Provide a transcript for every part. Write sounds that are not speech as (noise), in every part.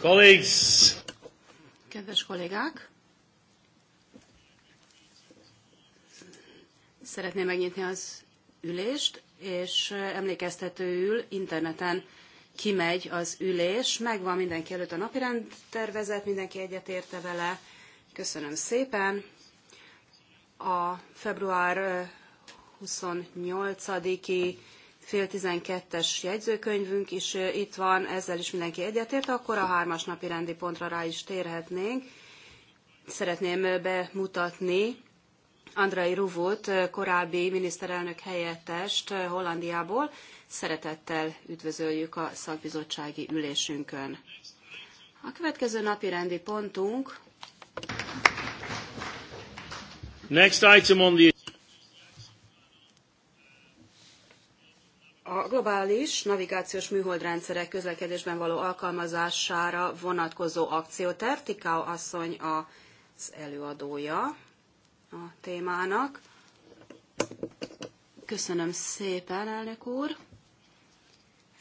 Colleagues. Kedves kollégák! Szeretném megnyitni az ülést, és emlékeztetőül interneten kimegy az ülés. Megvan mindenki előtt a napirend tervezet, mindenki egyetérte vele. Köszönöm szépen. A február 28-i fél tizenkettes jegyzőkönyvünk is itt van, ezzel is mindenki egyetért, akkor a hármas napi rendi pontra rá is térhetnénk. Szeretném bemutatni Andrei Ruvot, korábbi miniszterelnök helyettest Hollandiából. Szeretettel üdvözöljük a szakbizottsági ülésünkön. A következő napi rendi pontunk Next item on the a globális navigációs műholdrendszerek közlekedésben való alkalmazására vonatkozó akcióterv. Tikau asszony az előadója a témának. Köszönöm szépen, elnök úr!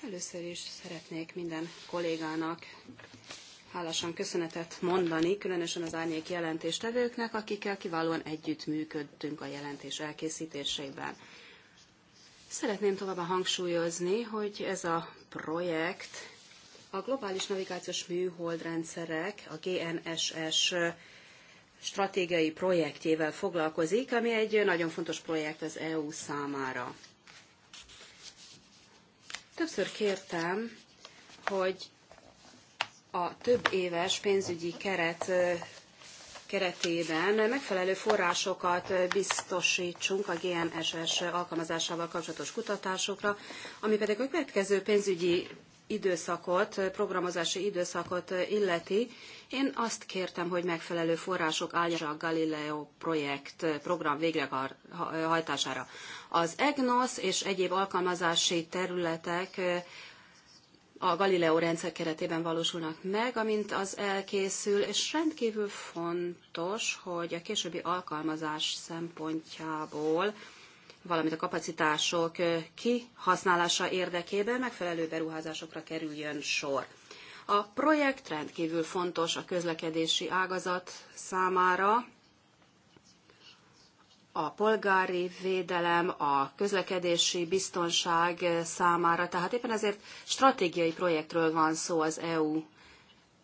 Először is szeretnék minden kollégának hálásan köszönetet mondani, különösen az árnyék jelentéstevőknek, akikkel kiválóan együttműködtünk a jelentés elkészítéseiben. Szeretném továbbá hangsúlyozni, hogy ez a projekt a globális navigációs műholdrendszerek, a GNSS stratégiai projektjével foglalkozik, ami egy nagyon fontos projekt az EU számára. Többször kértem, hogy a több éves pénzügyi keret keretében megfelelő forrásokat biztosítsunk a GMSS alkalmazásával kapcsolatos kutatásokra, ami pedig a következő pénzügyi időszakot, programozási időszakot illeti. Én azt kértem, hogy megfelelő források álljanak a Galileo projekt program végrehajtására. Az EGNOS és egyéb alkalmazási területek a Galileo rendszer keretében valósulnak meg, amint az elkészül, és rendkívül fontos, hogy a későbbi alkalmazás szempontjából, valamint a kapacitások kihasználása érdekében megfelelő beruházásokra kerüljön sor. A projekt rendkívül fontos a közlekedési ágazat számára, a polgári védelem, a közlekedési biztonság számára. Tehát éppen ezért stratégiai projektről van szó az EU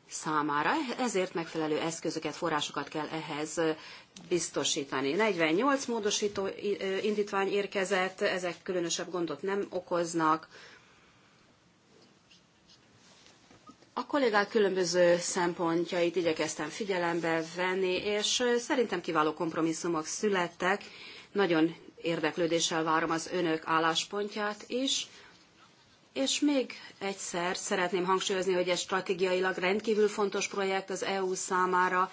számára, ezért megfelelő eszközöket, forrásokat kell ehhez biztosítani. 48 módosító indítvány érkezett, ezek különösebb gondot nem okoznak. A kollégák különböző szempontjait igyekeztem figyelembe venni, és szerintem kiváló kompromisszumok születtek. Nagyon érdeklődéssel várom az önök álláspontját is. És még egyszer szeretném hangsúlyozni, hogy ez stratégiailag rendkívül fontos projekt az EU számára,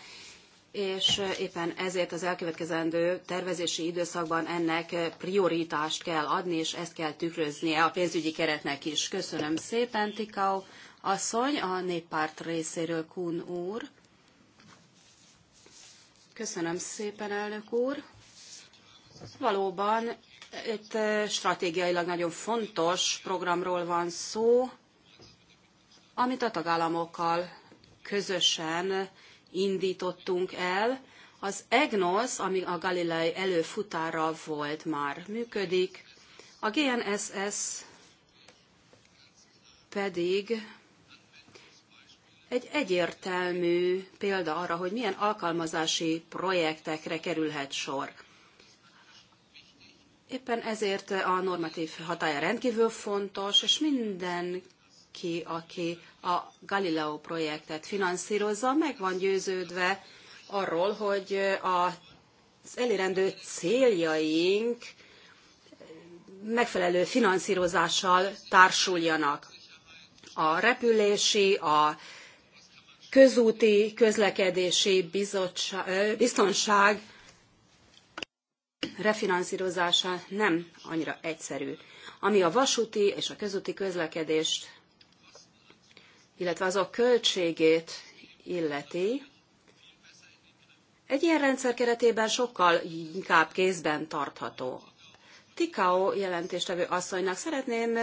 és éppen ezért az elkövetkezendő tervezési időszakban ennek prioritást kell adni, és ezt kell tükröznie a pénzügyi keretnek is. Köszönöm szépen, Tikau asszony, a néppárt részéről Kun úr. Köszönöm szépen, elnök úr. Valóban itt eh, stratégiailag nagyon fontos programról van szó, amit a tagállamokkal közösen indítottunk el. Az EGNOS, ami a Galilei előfutára volt, már működik. A GNSS pedig egy egyértelmű példa arra, hogy milyen alkalmazási projektekre kerülhet sor. Éppen ezért a normatív hatája rendkívül fontos, és mindenki, aki a Galileo projektet finanszírozza, meg van győződve arról, hogy az elérendő céljaink megfelelő finanszírozással társuljanak. A repülési, a közúti közlekedési bizottság, biztonság refinanszírozása nem annyira egyszerű. Ami a vasúti és a közúti közlekedést, illetve azok költségét illeti, egy ilyen rendszer keretében sokkal inkább kézben tartható Tikao jelentéstevő asszonynak szeretném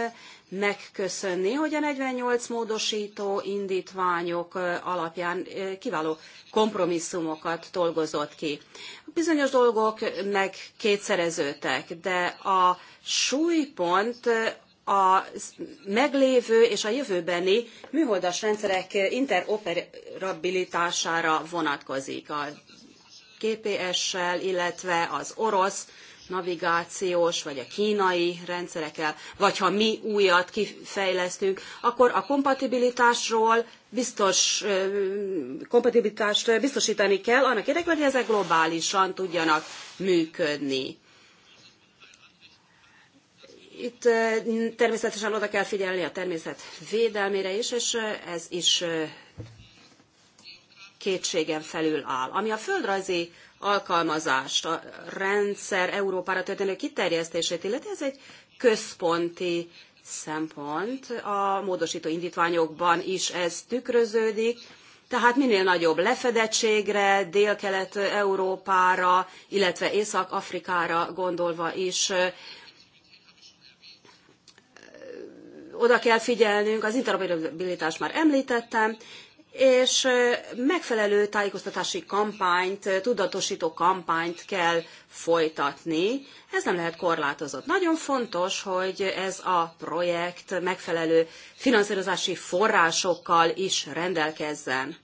megköszönni, hogy a 48 módosító indítványok alapján kiváló kompromisszumokat dolgozott ki. Bizonyos dolgok meg kétszereződtek, de a súlypont a meglévő és a jövőbeni műholdas rendszerek interoperabilitására vonatkozik. A GPS-sel, illetve az orosz navigációs vagy a kínai rendszerekkel, vagy ha mi újat kifejlesztünk, akkor a kompatibilitásról biztos kompatibilitást biztosítani kell annak érdekében, hogy ezek globálisan tudjanak működni. Itt természetesen oda kell figyelni a természet védelmére is, és ez is kétségen felül áll. Ami a földrajzi alkalmazást, a rendszer Európára történő kiterjesztését, illetve ez egy központi szempont. A módosító indítványokban is ez tükröződik, tehát minél nagyobb lefedettségre, Dél-Kelet-Európára, illetve Észak-Afrikára gondolva is oda kell figyelnünk, az interoperabilitást már említettem, és megfelelő tájékoztatási kampányt, tudatosító kampányt kell folytatni. Ez nem lehet korlátozott. Nagyon fontos, hogy ez a projekt megfelelő finanszírozási forrásokkal is rendelkezzen.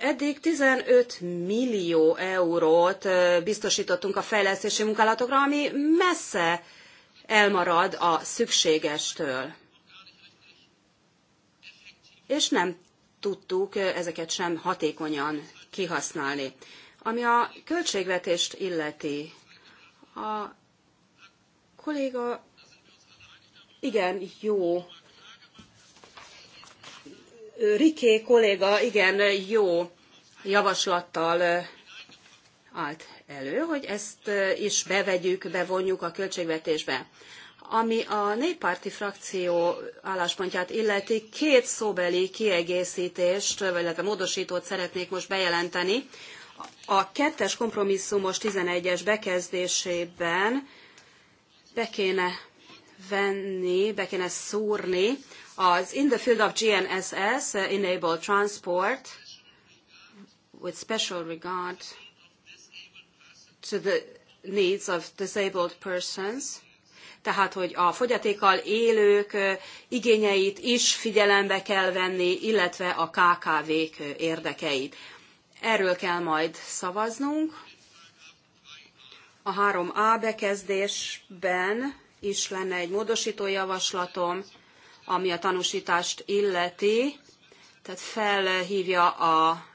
Eddig 15 millió eurót biztosítottunk a fejlesztési munkálatokra, ami messze elmarad a szükségestől és nem tudtuk ezeket sem hatékonyan kihasználni. Ami a költségvetést illeti, a kolléga igen jó, Riké kolléga igen jó javaslattal állt elő, hogy ezt is bevegyük, bevonjuk a költségvetésbe. Ami a néppárti frakció álláspontját illeti, két szóbeli kiegészítést, illetve módosítót szeretnék most bejelenteni. A kettes kompromisszumos 11-es bekezdésében be kéne venni, be kéne szúrni az in the field of GNSS, enable transport, with special regard to the needs of disabled persons, tehát hogy a fogyatékkal élők igényeit is figyelembe kell venni, illetve a KKV-k érdekeit. Erről kell majd szavaznunk. A 3A bekezdésben is lenne egy módosító javaslatom, ami a tanúsítást illeti, tehát felhívja a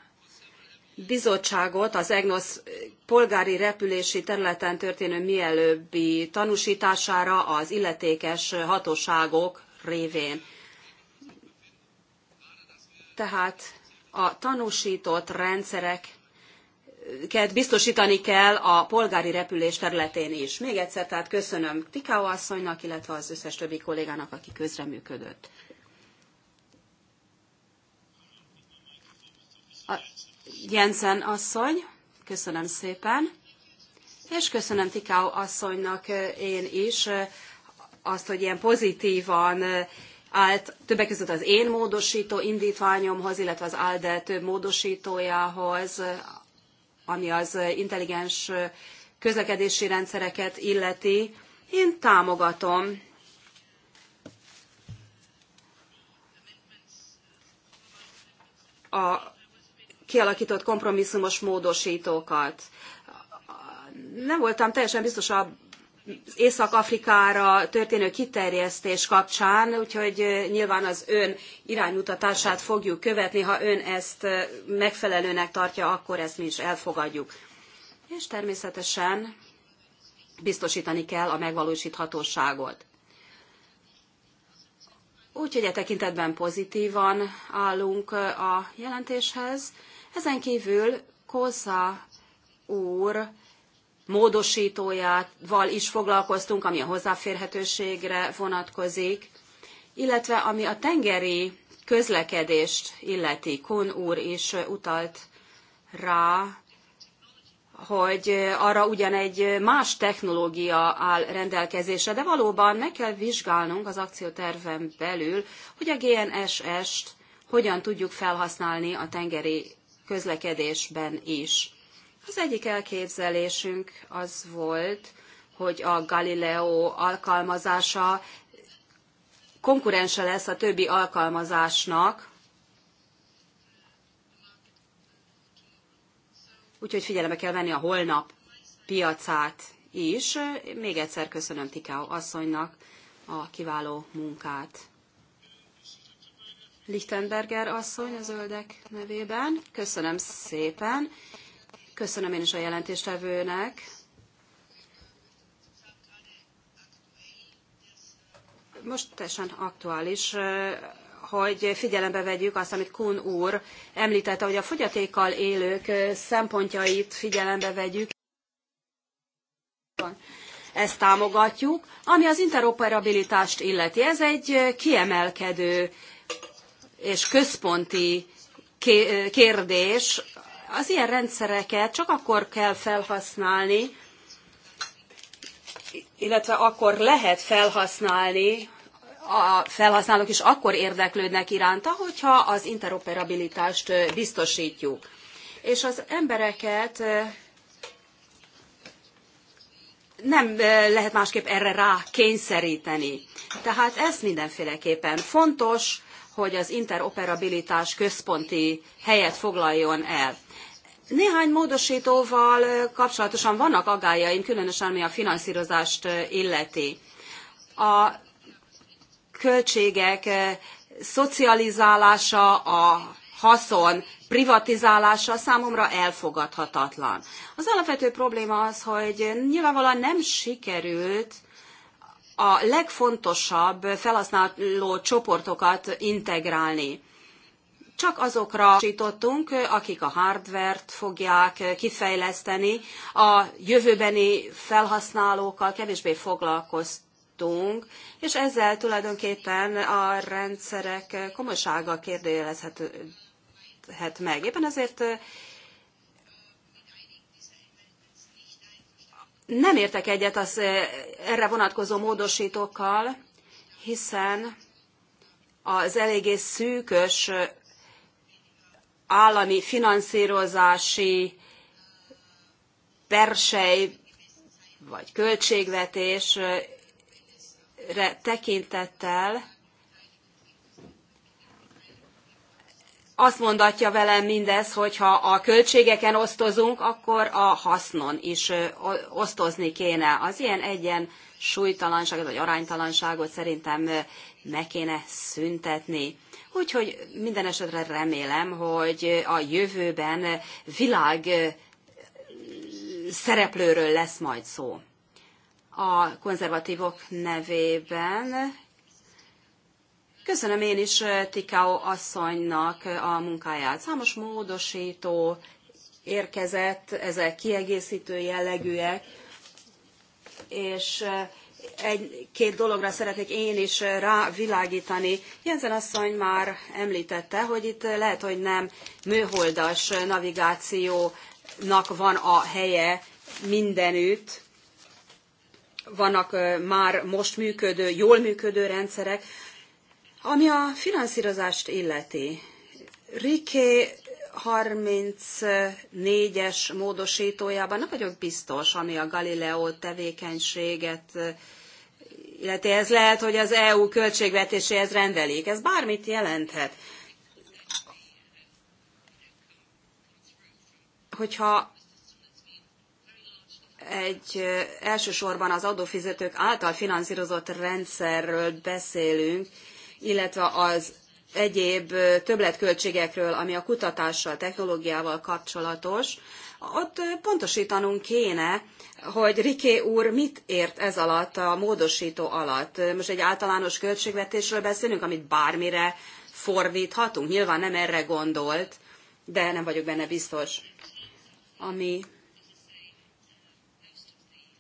bizottságot az EGNOSZ polgári repülési területen történő mielőbbi tanúsítására az illetékes hatóságok révén. Tehát a tanúsított rendszerek biztosítani kell a polgári repülés területén is. Még egyszer tehát köszönöm Tikao asszonynak, illetve az összes többi kollégának, aki közreműködött. A Jensen asszony, köszönöm szépen, és köszönöm Tikau asszonynak én is azt, hogy ilyen pozitívan állt többek között az én módosító indítványomhoz, illetve az ALDE több módosítójához, ami az intelligens közlekedési rendszereket illeti. Én támogatom a kialakított kompromisszumos módosítókat. Nem voltam teljesen biztos a Észak-Afrikára történő kiterjesztés kapcsán, úgyhogy nyilván az ön iránymutatását fogjuk követni. Ha ön ezt megfelelőnek tartja, akkor ezt mi is elfogadjuk. És természetesen biztosítani kell a megvalósíthatóságot. Úgyhogy e tekintetben pozitívan állunk a jelentéshez, ezen kívül Kósza úr módosítójával is foglalkoztunk, ami a hozzáférhetőségre vonatkozik, illetve ami a tengeri közlekedést illeti. Kun úr is utalt rá, hogy arra ugyan egy más technológia áll rendelkezésre, de valóban meg kell vizsgálnunk az akcióterven belül, hogy a GNSS-t hogyan tudjuk felhasználni a tengeri közlekedésben is. Az egyik elképzelésünk az volt, hogy a Galileo alkalmazása konkurense lesz a többi alkalmazásnak, úgyhogy figyelembe kell venni a holnap piacát is. Még egyszer köszönöm Tikau asszonynak a kiváló munkát. Lichtenberger asszony a zöldek nevében. Köszönöm szépen. Köszönöm én is a jelentéstevőnek. Most teljesen aktuális, eh, hogy figyelembe vegyük azt, amit Kun úr említette, hogy a fogyatékkal élők eh, szempontjait figyelembe vegyük. Ezt támogatjuk. Ami az interoperabilitást illeti, ez egy eh, kiemelkedő és központi kérdés, az ilyen rendszereket csak akkor kell felhasználni, illetve akkor lehet felhasználni, a felhasználók is akkor érdeklődnek iránta, hogyha az interoperabilitást biztosítjuk. És az embereket nem lehet másképp erre rá kényszeríteni. Tehát ez mindenféleképpen fontos, hogy az interoperabilitás központi helyet foglaljon el. Néhány módosítóval kapcsolatosan vannak agályaim, különösen ami a finanszírozást illeti. A költségek szocializálása, a haszon privatizálása számomra elfogadhatatlan. Az alapvető probléma az, hogy nyilvánvalóan nem sikerült a legfontosabb felhasználó csoportokat integrálni. Csak azokra sítottunk, akik a hardvert fogják kifejleszteni, a jövőbeni felhasználókkal kevésbé foglalkoztunk, és ezzel tulajdonképpen a rendszerek komolysága kérdőjelezhető hát meg. Éppen ezért nem értek egyet az eh, erre vonatkozó módosítókkal, hiszen az eléggé szűkös eh, állami finanszírozási persely vagy költségvetésre tekintettel azt mondatja velem mindez, hogy ha a költségeken osztozunk, akkor a hasznon is osztozni kéne. Az ilyen egyen súlytalanságot vagy aránytalanságot szerintem meg kéne szüntetni. Úgyhogy minden esetre remélem, hogy a jövőben világ szereplőről lesz majd szó. A konzervatívok nevében Köszönöm én is eh, Tikao asszonynak eh, a munkáját. Számos módosító érkezett, ezek kiegészítő jellegűek, és eh, egy-két dologra szeretnék én is rávilágítani. Jensen asszony már említette, hogy itt lehet, hogy nem műholdas navigációnak van a helye mindenütt, vannak már most működő, jól működő rendszerek, ami a finanszírozást illeti, Riké 34-es módosítójában nem vagyok biztos, ami a Galileo tevékenységet illeti. Ez lehet, hogy az EU költségvetéséhez rendelik. Ez bármit jelenthet. Hogyha egy elsősorban az adófizetők által finanszírozott rendszerről beszélünk, illetve az egyéb többletköltségekről, ami a kutatással, technológiával kapcsolatos, ott pontosítanunk kéne, hogy Riké úr mit ért ez alatt, a módosító alatt. Most egy általános költségvetésről beszélünk, amit bármire fordíthatunk. Nyilván nem erre gondolt, de nem vagyok benne biztos. Ami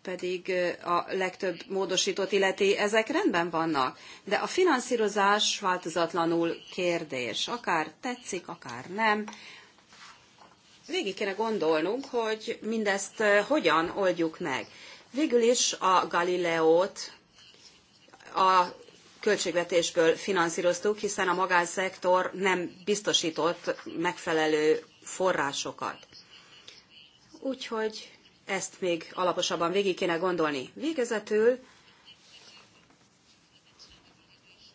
pedig a legtöbb módosított illeti, ezek rendben vannak. De a finanszírozás változatlanul kérdés. Akár tetszik, akár nem. Végig kéne gondolnunk, hogy mindezt hogyan oldjuk meg. Végül is a Galileót a költségvetésből finanszíroztuk, hiszen a magánszektor nem biztosított megfelelő forrásokat. Úgyhogy ezt még alaposabban végig kéne gondolni. Végezetül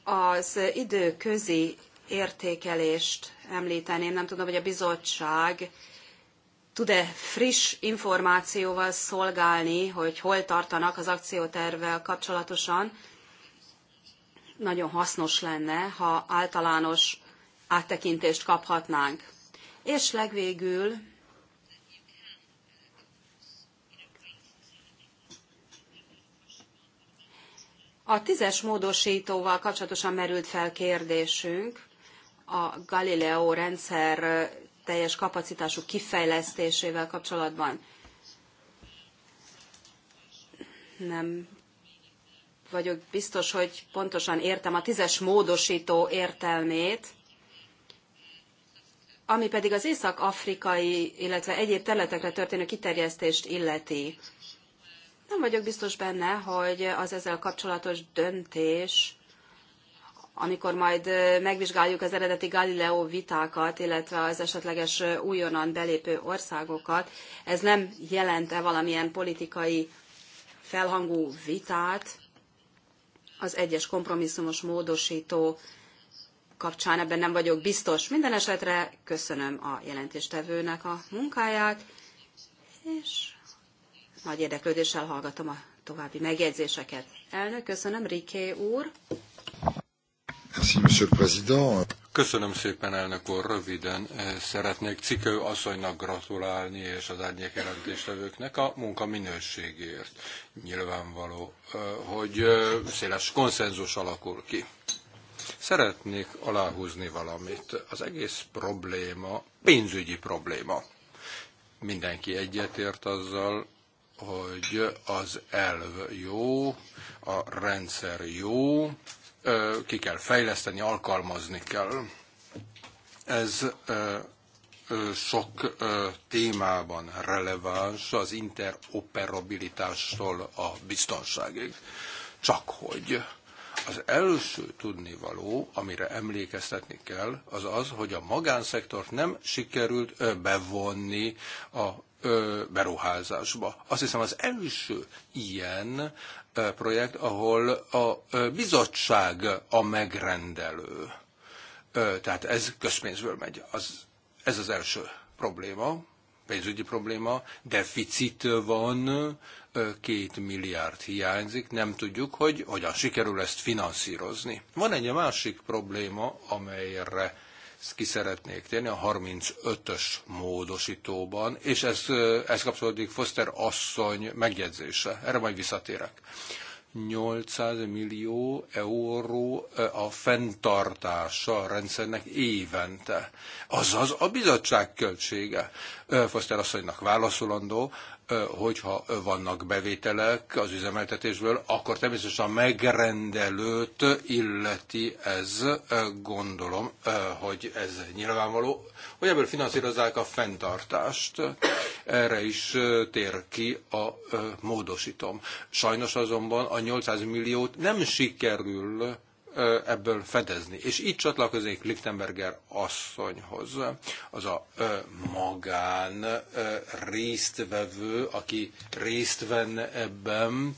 az időközi értékelést említeném. Nem tudom, hogy a bizottság tud-e friss információval szolgálni, hogy hol tartanak az akciótervvel kapcsolatosan. Nagyon hasznos lenne, ha általános áttekintést kaphatnánk. És legvégül A tízes módosítóval kapcsolatosan merült fel kérdésünk a Galileo rendszer teljes kapacitású kifejlesztésével kapcsolatban. Nem vagyok biztos, hogy pontosan értem a tízes módosító értelmét, ami pedig az észak-afrikai, illetve egyéb területekre történő kiterjesztést illeti. Nem vagyok biztos benne, hogy az ezzel kapcsolatos döntés, amikor majd megvizsgáljuk az eredeti Galileo vitákat, illetve az esetleges újonnan belépő országokat, ez nem jelente valamilyen politikai felhangú vitát az egyes kompromisszumos módosító kapcsán, ebben nem vagyok biztos. Minden esetre köszönöm a jelentéstevőnek a munkáját, és nagy érdeklődéssel hallgatom a további megjegyzéseket. Elnök, köszönöm, Riké úr. Köszönöm szépen, elnök úr. Röviden eh, szeretnék Cikő asszonynak gratulálni és az árnyék jelentéstevőknek a munka minőségéért Nyilvánvaló, eh, hogy eh, széles konszenzus alakul ki. Szeretnék aláhúzni valamit. Az egész probléma pénzügyi probléma. Mindenki egyetért azzal, hogy az elv jó, a rendszer jó, ki kell fejleszteni, alkalmazni kell. Ez sok témában releváns az interoperabilitástól a biztonságig. Csak hogy az első tudnivaló, amire emlékeztetni kell, az az, hogy a magánszektort nem sikerült bevonni a beruházásba. Azt hiszem az első ilyen projekt, ahol a bizottság a megrendelő. Tehát ez közpénzből megy. Az, ez az első probléma, pénzügyi probléma, deficit van, két milliárd hiányzik, nem tudjuk, hogy hogyan sikerül ezt finanszírozni. Van egy másik probléma, amelyre ki szeretnék térni a 35-ös módosítóban, és ez, ez kapcsolódik Foster asszony megjegyzése. Erre majd visszatérek. 800 millió euró a fenntartása a rendszernek évente. Azaz a bizottság költsége. Foster asszonynak válaszolandó, hogyha vannak bevételek az üzemeltetésből, akkor természetesen a megrendelőt illeti ez, gondolom, hogy ez nyilvánvaló, hogy ebből finanszírozzák a fenntartást. Erre is tér ki a módosítom. Sajnos azonban a 800 milliót nem sikerül ebből fedezni. És itt csatlakozik Lichtenberger asszonyhoz, az a magán résztvevő, aki részt venne ebben,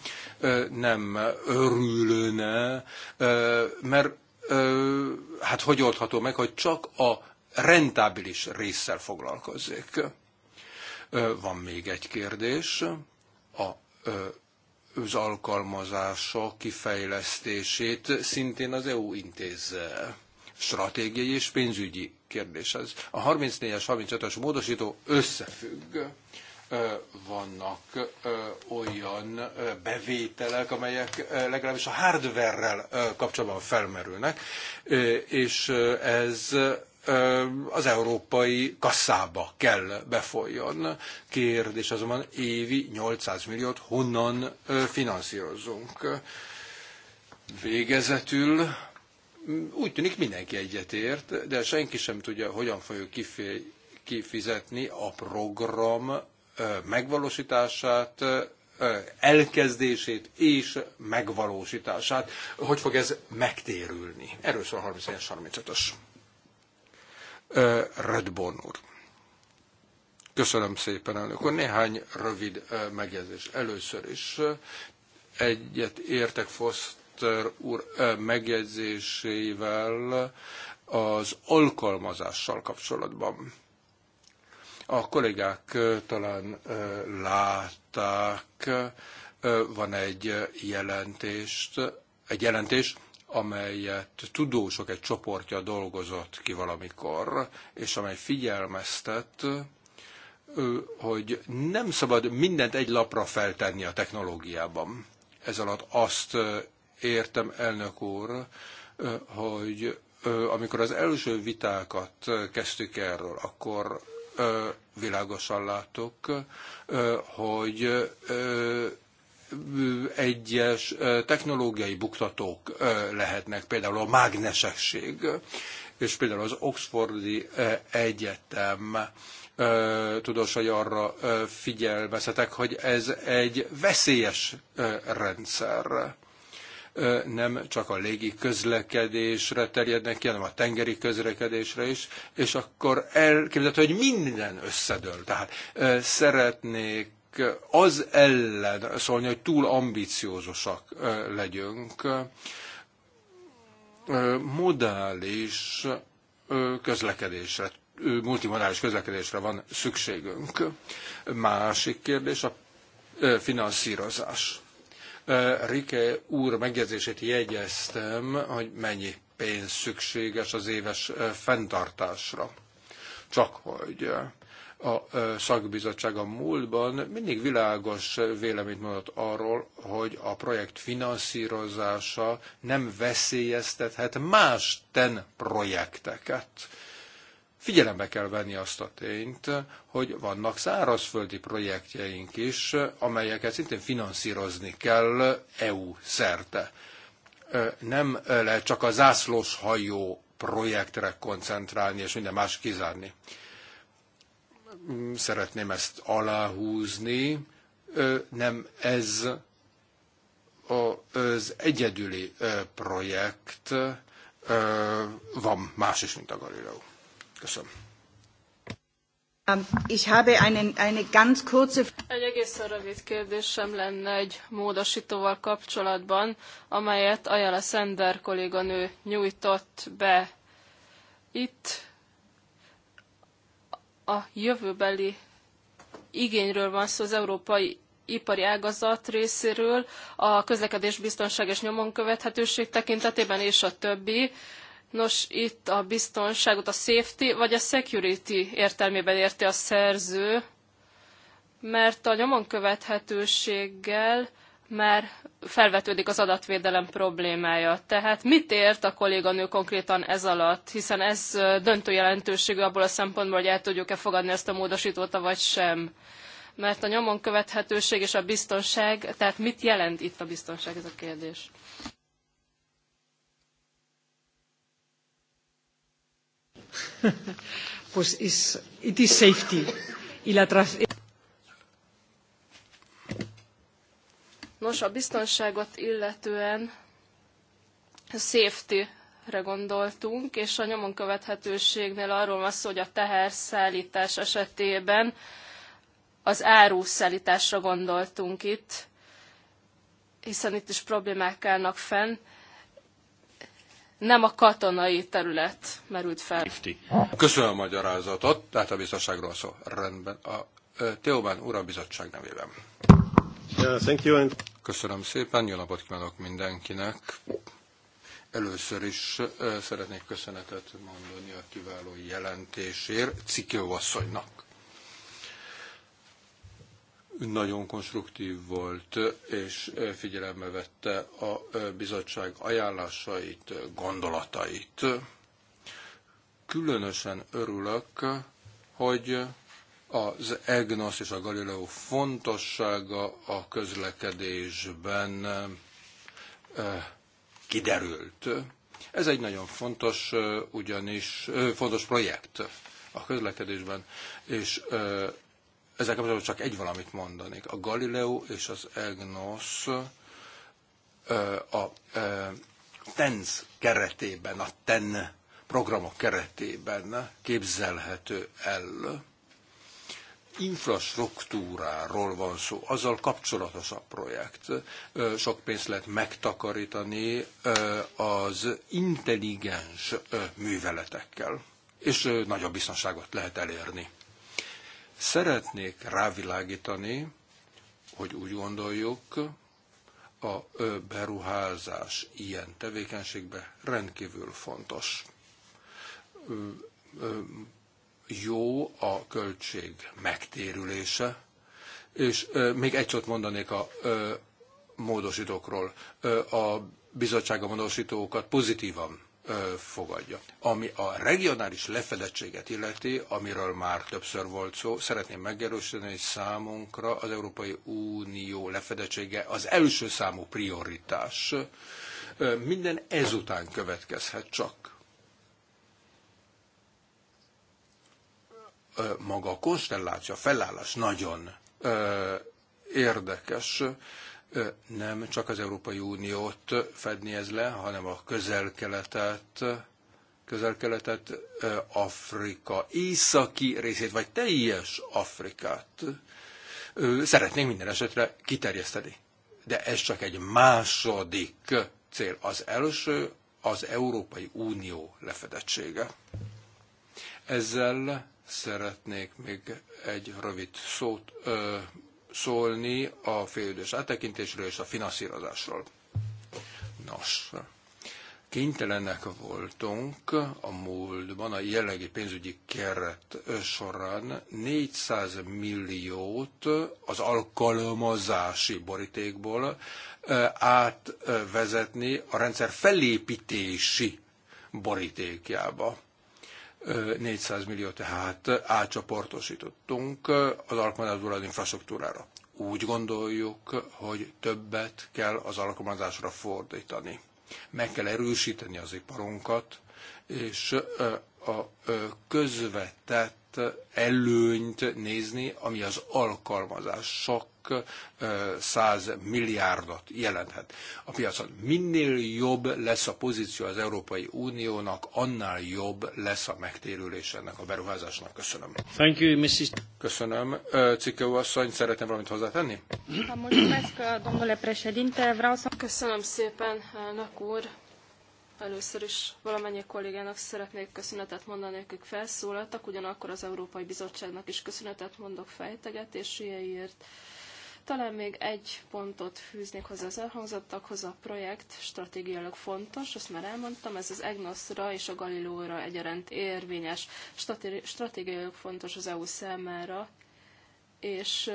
nem örülne, mert hát hogy oldható meg, hogy csak a rentábilis résszel foglalkozzék. Van még egy kérdés. A az alkalmazása kifejlesztését szintén az EU intéz stratégiai és pénzügyi kérdés. Ez a 34-es, 35-ös módosító összefügg. Vannak olyan bevételek, amelyek legalábbis a hardverrel kapcsolatban felmerülnek, és ez az európai kasszába kell befolyjon. Kérdés azonban évi 800 milliót honnan finanszírozunk. Végezetül úgy tűnik mindenki egyetért, de senki sem tudja, hogyan fogjuk kifizetni a program megvalósítását, elkezdését és megvalósítását. Hogy fog ez megtérülni? Erről szól a 31-35-ös. Redborn úr. Köszönöm szépen, elnök úr. Néhány rövid megjegyzés. Először is egyet értek Foster úr megjegyzésével az alkalmazással kapcsolatban. A kollégák talán látták, van egy jelentést, egy jelentés, amelyet tudósok egy csoportja dolgozott ki valamikor, és amely figyelmeztet, hogy nem szabad mindent egy lapra feltenni a technológiában. Ez alatt azt értem, elnök úr, hogy amikor az első vitákat kezdtük erről, akkor világosan láttuk, hogy egyes technológiai buktatók lehetnek, például a mágnesesség, és például az Oxfordi Egyetem tudósai arra figyelmeztetek, hogy ez egy veszélyes rendszer nem csak a légi közlekedésre terjednek ki, hanem a tengeri közlekedésre is, és akkor elképzelhető, hogy minden összedől. Tehát szeretnék az ellen szólni, hogy túl ambiciózusak legyünk. Modális közlekedésre, multimodális közlekedésre van szükségünk. Másik kérdés a finanszírozás. Rike úr megjegyzését jegyeztem, hogy mennyi pénz szükséges az éves fenntartásra. Csak hogy a szakbizottság a múltban mindig világos véleményt mondott arról, hogy a projekt finanszírozása nem veszélyeztethet más ten projekteket. Figyelembe kell venni azt a tényt, hogy vannak szárazföldi projektjeink is, amelyeket szintén finanszírozni kell EU szerte. Nem lehet csak a zászlós hajó projektre koncentrálni, és minden más kizárni szeretném ezt aláhúzni, nem ez az egyedüli projekt, van más is, mint a Galileo. Köszönöm. Um, ich habe einen, eine ganz kurze... Egy egészen rövid kérdésem lenne egy módosítóval kapcsolatban, amelyet Ajala Szender kolléganő nyújtott be. Itt a jövőbeli igényről van szó az európai ipari ágazat részéről, a közlekedés biztonság és nyomon követhetőség tekintetében és a többi. Nos, itt a biztonságot a safety vagy a security értelmében érti a szerző, mert a nyomon követhetőséggel már felvetődik az adatvédelem problémája. Tehát mit ért a kolléganő konkrétan ez alatt? Hiszen ez döntő jelentőségű abból a szempontból, hogy el tudjuk-e fogadni ezt a módosítót, vagy sem. Mert a nyomon követhetőség és a biztonság, tehát mit jelent itt a biztonság, ez a kérdés. (laughs) pues is, it is safety. Y la Nos, a biztonságot illetően safety-re gondoltunk, és a nyomon követhetőségnél arról van szó, hogy a teherszállítás esetében az áruszállításra gondoltunk itt, hiszen itt is problémák állnak fenn. Nem a katonai terület merült fel. Köszönöm a magyarázatot, tehát a biztonságról szó. Rendben. A Teobán Uram Bizottság nevében. Yeah, thank you and... Köszönöm szépen, jó napot kívánok mindenkinek. Először is szeretnék köszönetet mondani a kiváló jelentésért Cikió asszonynak. Nagyon konstruktív volt, és figyelembe vette a bizottság ajánlásait, gondolatait. Különösen örülök, hogy az EGNOS és a Galileo fontossága a közlekedésben eh, kiderült. Ez egy nagyon fontos, eh, ugyanis eh, fontos projekt a közlekedésben, és ezzel kapcsolatban csak egy valamit mondanék. A Galileo és az EGNOS a TENS keretében, a TEN programok keretében képzelhető el infrastruktúráról van szó, azzal kapcsolatos a projekt. Sok pénzt lehet megtakarítani az intelligens műveletekkel, és nagyobb biztonságot lehet elérni. Szeretnék rávilágítani, hogy úgy gondoljuk, a beruházás ilyen tevékenységbe rendkívül fontos jó a költség megtérülése, és még egy szót mondanék a módosítókról. A bizottság a módosítókat pozitívan fogadja. Ami a regionális lefedettséget illeti, amiről már többször volt szó, szeretném megerősíteni, hogy számunkra az Európai Unió lefedettsége az első számú prioritás. Minden ezután következhet csak maga a konstelláció, a felállás nagyon érdekes. Nem csak az Európai Uniót fedni ez le, hanem a közel-keletet, közel-keletet, Afrika északi részét, vagy teljes Afrikát szeretnénk minden esetre kiterjeszteni. De ez csak egy második cél. Az első az Európai Unió lefedettsége. Ezzel Szeretnék még egy rövid szót ö, szólni a félidős áttekintésről és a finanszírozásról. Nos, kénytelenek voltunk a múltban a jelenlegi pénzügyi keret során 400 milliót az alkalmazási borítékból átvezetni a rendszer felépítési borítékjába. 400 millió tehát átcsoportosítottunk az alkalmazásból az infrastruktúrára. Úgy gondoljuk, hogy többet kell az alkalmazásra fordítani. Meg kell erősíteni az iparunkat, és a közvetett előnyt nézni, ami az alkalmazás sok száz milliárdot jelenthet a piacon. Minél jobb lesz a pozíció az Európai Uniónak, annál jobb lesz a megtérülés ennek a beruházásnak. Köszönöm. Thank you, Mrs. Köszönöm. Cikkeú asszony, szeretném valamit hozzátenni? Köszönöm szépen, elnök úr. Először is valamennyi kollégának szeretnék köszönetet mondani, akik felszólaltak, ugyanakkor az Európai Bizottságnak is köszönetet mondok fejtegetéséért. Talán még egy pontot fűznék hozzá az elhangzottakhoz, a projekt stratégiailag fontos, azt már elmondtam, ez az EGNOS-ra és a galileo-ra Galileo-ra egyaránt érvényes, stratégiailag fontos az EU számára, és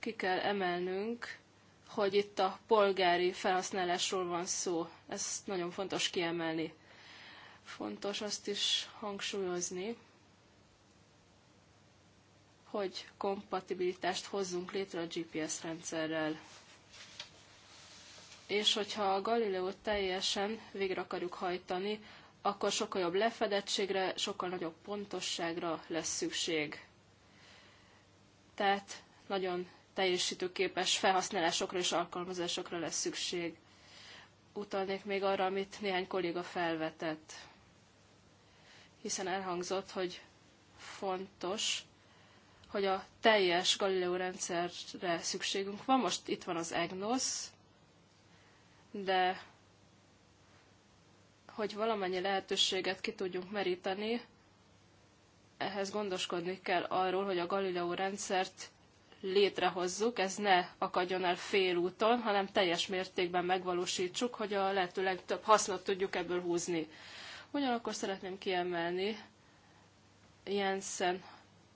ki kell emelnünk hogy itt a polgári felhasználásról van szó. Ezt nagyon fontos kiemelni. Fontos azt is hangsúlyozni, hogy kompatibilitást hozzunk létre a GPS rendszerrel. És hogyha a Galileo teljesen végre akarjuk hajtani, akkor sokkal jobb lefedettségre, sokkal nagyobb pontosságra lesz szükség. Tehát nagyon teljesítőképes felhasználásokra és alkalmazásokra lesz szükség. Utalnék még arra, amit néhány kolléga felvetett, hiszen elhangzott, hogy fontos, hogy a teljes Galileo rendszerre szükségünk van. Most itt van az EGNOS, de hogy valamennyi lehetőséget ki tudjunk meríteni, ehhez gondoskodni kell arról, hogy a Galileo rendszert létrehozzuk, ez ne akadjon el félúton, hanem teljes mértékben megvalósítsuk, hogy a lehető legtöbb hasznot tudjuk ebből húzni. Ugyanakkor szeretném kiemelni Jensen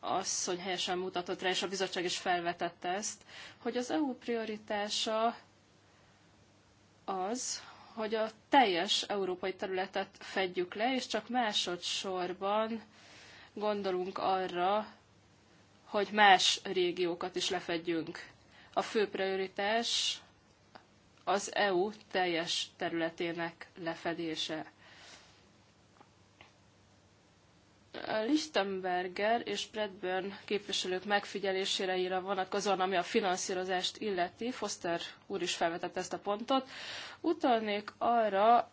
asszony helyesen mutatott rá, és a bizottság is felvetette ezt, hogy az EU prioritása az, hogy a teljes európai területet fedjük le, és csak másodszorban gondolunk arra, hogy más régiókat is lefedjünk. A fő prioritás az EU teljes területének lefedése. Lichtenberger és Bradburn képviselők megfigyelésére íra vonatkozóan, ami a finanszírozást illeti, Foster úr is felvetett ezt a pontot, utalnék arra,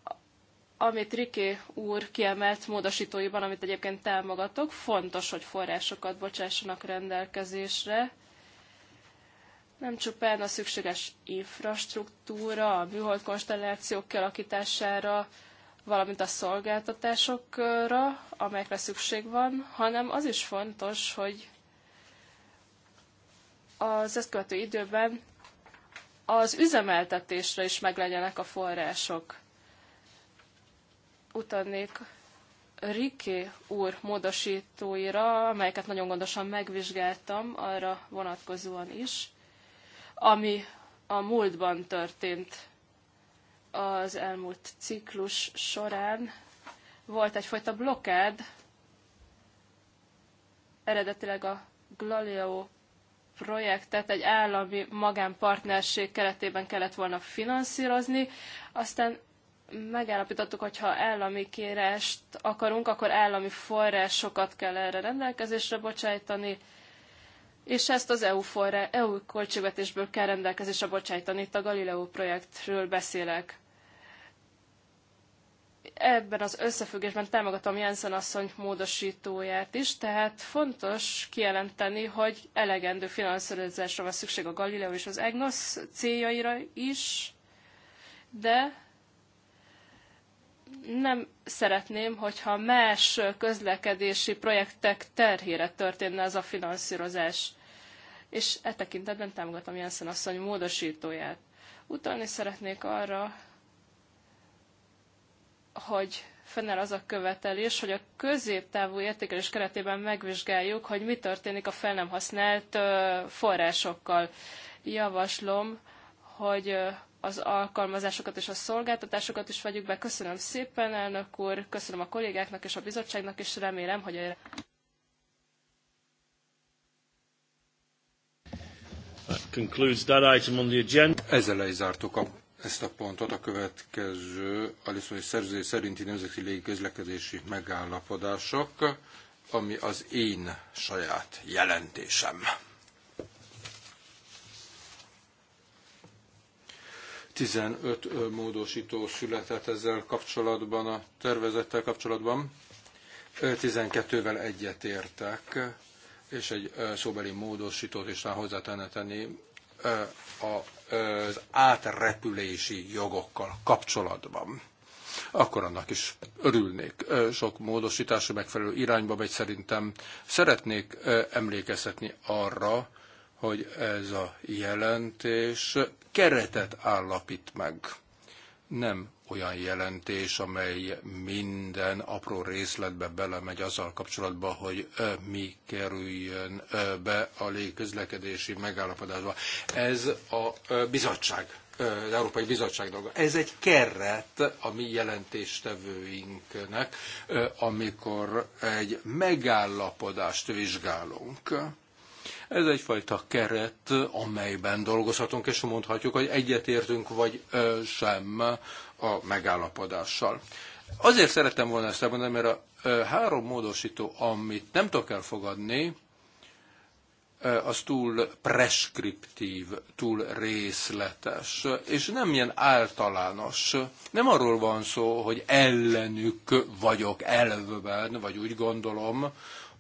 amit Riké úr kiemelt módosítóiban, amit egyébként támogatok, fontos, hogy forrásokat bocsássanak rendelkezésre. Nem csupán a szükséges infrastruktúra, a műhold konstellációk kialakítására, valamint a szolgáltatásokra, amelyekre szükség van, hanem az is fontos, hogy az ezt követő időben az üzemeltetésre is meglegyenek a források utalnék Riki úr módosítóira, amelyeket nagyon gondosan megvizsgáltam, arra vonatkozóan is, ami a múltban történt az elmúlt ciklus során. Volt egyfajta blokád, eredetileg a Glaleo projektet egy állami magánpartnerség keretében kellett volna finanszírozni, aztán megállapítottuk, hogy ha állami kérést akarunk, akkor állami forrásokat kell erre rendelkezésre bocsájtani, és ezt az EU, forrá, EU költségvetésből kell rendelkezésre bocsájtani. Itt a Galileo projektről beszélek. Ebben az összefüggésben támogatom Jensen asszony módosítóját is, tehát fontos kijelenteni, hogy elegendő finanszírozásra van szükség a Galileo és az EGNOS céljaira is, de nem szeretném, hogyha más közlekedési projektek terhére történne ez a finanszírozás. És e tekintetben támogatom Jensen asszony módosítóját. Utalni szeretnék arra, hogy fennáll az a követelés, hogy a középtávú értékelés keretében megvizsgáljuk, hogy mi történik a fel nem használt forrásokkal. Javaslom, hogy az alkalmazásokat és a szolgáltatásokat is vegyük be. Köszönöm szépen, elnök úr, köszönöm a kollégáknak és a bizottságnak, és remélem, hogy a... Ezzel lezártuk a, ezt a pontot. A következő a Lisszaboni szerződés szerinti nemzeti közlekedési megállapodások, ami az én saját jelentésem. 15 módosító született ezzel kapcsolatban, a tervezettel kapcsolatban. 12-vel egyetértek, és egy szóbeli módosítót is rá hozzá tenni az átrepülési jogokkal kapcsolatban. Akkor annak is örülnék. Sok módosításra megfelelő irányba megy szerintem. Szeretnék emlékeztetni arra, hogy ez a jelentés keretet állapít meg. Nem olyan jelentés, amely minden apró részletbe belemegy azzal kapcsolatban, hogy mi kerüljön be a légközlekedési megállapodásba. Ez a bizottság, az Európai Bizottság dolga. Ez egy keret a mi jelentéstevőinknek, amikor egy megállapodást vizsgálunk ez egyfajta keret, amelyben dolgozhatunk, és mondhatjuk, hogy egyetértünk vagy sem a megállapodással. Azért szerettem volna ezt elmondani, mert a három módosító, amit nem tudok elfogadni, az túl preskriptív, túl részletes, és nem ilyen általános. Nem arról van szó, hogy ellenük vagyok elvben, vagy úgy gondolom,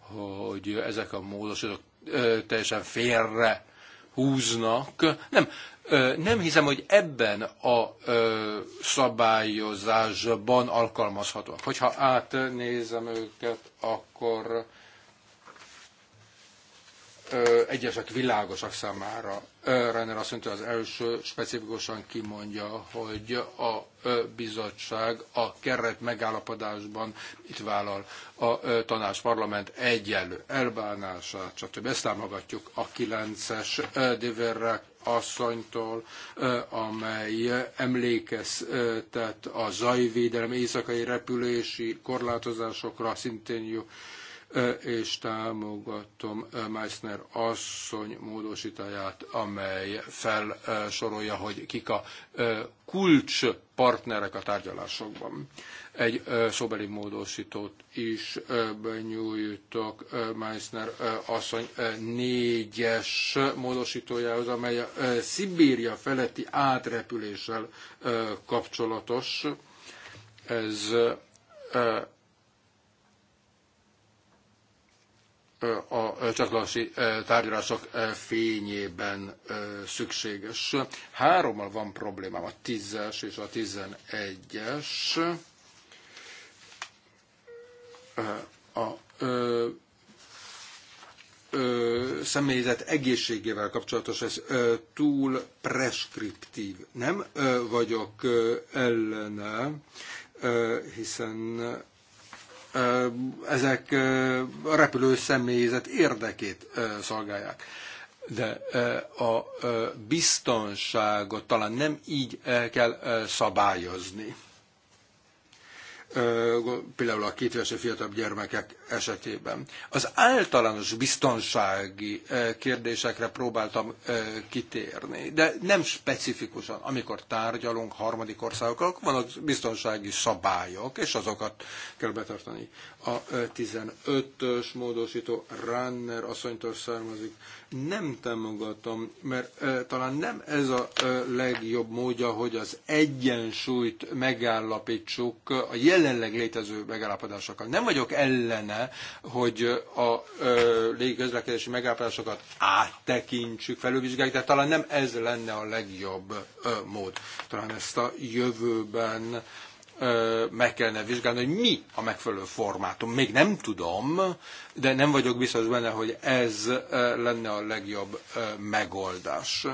hogy ezek a módosítók teljesen félre húznak. Nem, nem hiszem, hogy ebben a szabályozásban alkalmazhatóak. Hogyha átnézem őket, akkor egyesek világosak számára. Renner azt mondta, az első specifikusan kimondja, hogy a bizottság a keret megállapodásban itt vállal a tanács parlament egyenlő elbánását, stb. Ezt támogatjuk a 9-es Diverrek asszonytól, amely emlékeztet a zajvédelem éjszakai repülési korlátozásokra, szintén jó és támogatom Meissner asszony módosítáját, amely felsorolja, hogy kik a kulcs partnerek a tárgyalásokban. Egy szóbeli módosítót is benyújtok Meissner asszony négyes módosítójához, amely a Szibéria feletti átrepüléssel kapcsolatos. Ez a csatlakozási tárgyalások fényében szükséges. Hárommal van problémám, a 10 és a 11-es. A ö, ö, személyzet egészségével kapcsolatos, ez ö, túl preskriptív. Nem ö, vagyok ö, ellene, ö, hiszen ezek a repülő személyzet érdekét szolgálják. De a biztonságot talán nem így kell szabályozni. Például a két fiatal gyermekek esetében. Az általános biztonsági kérdésekre próbáltam kitérni, de nem specifikusan. Amikor tárgyalunk harmadik országokkal, vannak biztonsági szabályok, és azokat kell betartani. A 15-ös módosító Runner asszonytól származik. Nem támogatom, mert talán nem ez a legjobb módja, hogy az egyensúlyt megállapítsuk a jelenleg létező megállapodásokkal. Nem vagyok ellene hogy a közlekedési megállapodásokat áttekintsük, felülvizsgáljuk, de talán nem ez lenne a legjobb mód. Talán ezt a jövőben meg kellene vizsgálni, hogy mi a megfelelő formátum. Még nem tudom, de nem vagyok biztos benne, hogy ez lenne a legjobb megoldás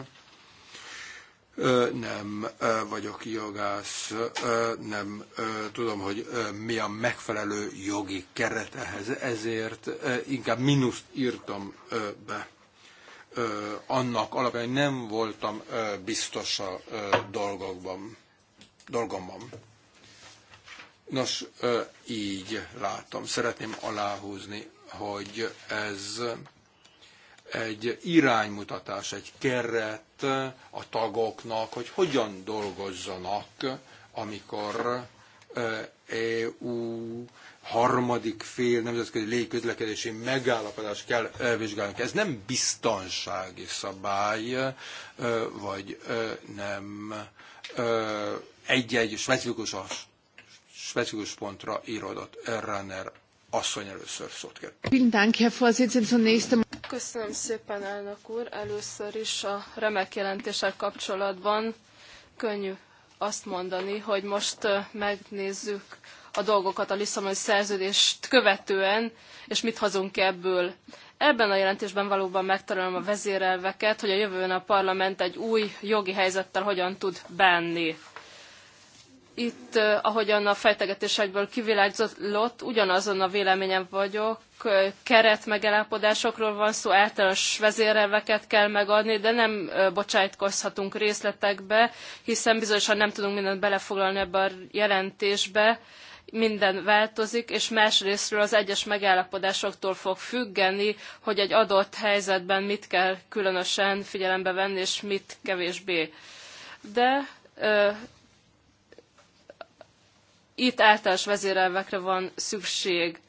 nem vagyok jogász, nem tudom, hogy mi a megfelelő jogi keret ehhez, ezért inkább mínuszt írtam be annak alapján, hogy nem voltam biztos a dolgokban, dolgomban. Nos, így látom. Szeretném aláhúzni, hogy ez egy iránymutatás, egy keret a tagoknak, hogy hogyan dolgozzanak, amikor EU harmadik fél nemzetközi légközlekedési megállapodás kell vizsgálnunk. Ez nem biztonsági szabály, vagy nem egy-egy specifikus, specifikus pontra írodott Renner asszony először szót kér. Köszönöm szépen, elnök úr. Először is a remek jelentéssel kapcsolatban könnyű azt mondani, hogy most megnézzük a dolgokat a Lisszaboni szerződést követően, és mit hozunk ebből. Ebben a jelentésben valóban megtalálom a vezérelveket, hogy a jövőn a parlament egy új jogi helyzettel hogyan tud bánni itt, ahogyan a fejtegetésekből kivilágzott, ugyanazon a véleményen vagyok, keret megelápodásokról van szó, általános vezérelveket kell megadni, de nem bocsájtkozhatunk részletekbe, hiszen bizonyosan nem tudunk mindent belefoglalni ebbe a jelentésbe, minden változik, és másrésztről az egyes megállapodásoktól fog függeni, hogy egy adott helyzetben mit kell különösen figyelembe venni, és mit kevésbé. De itt általános vezérelvekre van szükség.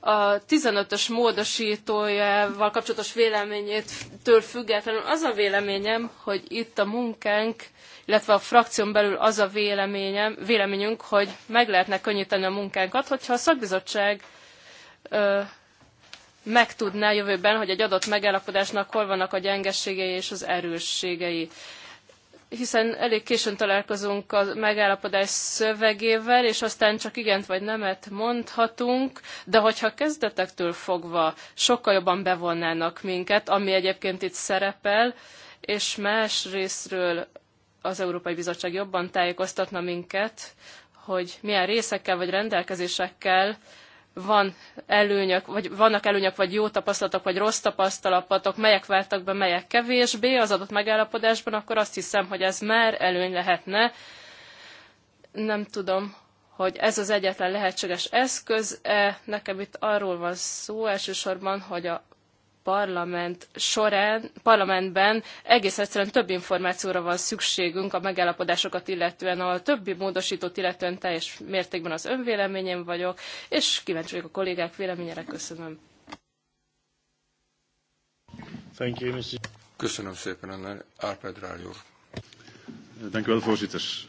A 15-ös módosítójával kapcsolatos véleményétől függetlenül az a véleményem, hogy itt a munkánk, illetve a frakción belül az a véleményem, véleményünk, hogy meg lehetne könnyíteni a munkánkat, hogyha a szakbizottság ö, megtudná jövőben, hogy egy adott megállapodásnak hol vannak a gyengeségei és az erősségei hiszen elég későn találkozunk a megállapodás szövegével, és aztán csak igent vagy nemet mondhatunk, de hogyha kezdetektől fogva sokkal jobban bevonnának minket, ami egyébként itt szerepel, és más részről az Európai Bizottság jobban tájékoztatna minket, hogy milyen részekkel vagy rendelkezésekkel van előnyök, vagy vannak előnyök, vagy jó tapasztalatok, vagy rossz tapasztalatok, melyek váltak be, melyek kevésbé az adott megállapodásban, akkor azt hiszem, hogy ez már előny lehetne. Nem tudom, hogy ez az egyetlen lehetséges eszköz. -e. Nekem itt arról van szó elsősorban, hogy a parlament során, parlamentben egész egyszerűen több információra van szükségünk a megállapodásokat illetően, a többi módosítót illetően teljes mértékben az önvéleményem vagyok, és kíváncsi vagyok a kollégák véleményére. Köszönöm. Thank you, Mr. Köszönöm szépen, Anna Árpád Rájúr. úr.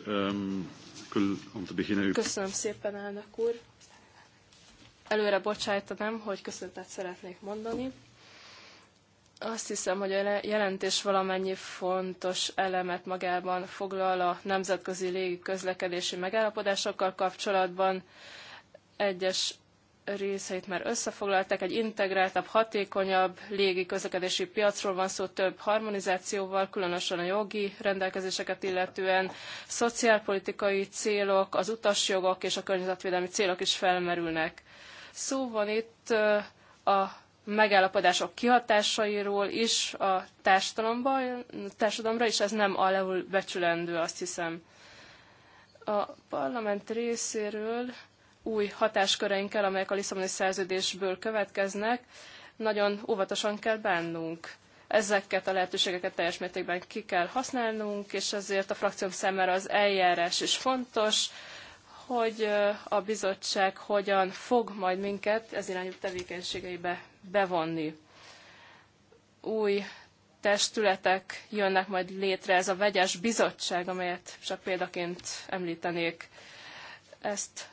Ehm, Köszönöm szépen, elnök úr. Előre bocsájtanám, hogy köszöntet szeretnék mondani azt hiszem, hogy a jelentés valamennyi fontos elemet magában foglal a nemzetközi légi közlekedési megállapodásokkal kapcsolatban. Egyes részeit már összefoglalták, egy integráltabb, hatékonyabb légi közlekedési piacról van szó több harmonizációval, különösen a jogi rendelkezéseket illetően, szociálpolitikai célok, az utasjogok és a környezetvédelmi célok is felmerülnek. Szó van itt a megállapodások kihatásairól is a társadalomba, társadalomra, és ez nem alul becsülendő, azt hiszem. A parlament részéről új hatásköreinkkel, amelyek a Lisszaboni szerződésből következnek, nagyon óvatosan kell bánnunk. Ezeket a lehetőségeket teljes mértékben ki kell használnunk, és ezért a frakcióm számára az eljárás is fontos, hogy a bizottság hogyan fog majd minket ez irányú tevékenységeibe bevonni. Új testületek jönnek majd létre, ez a vegyes bizottság, amelyet csak példaként említenék. Ezt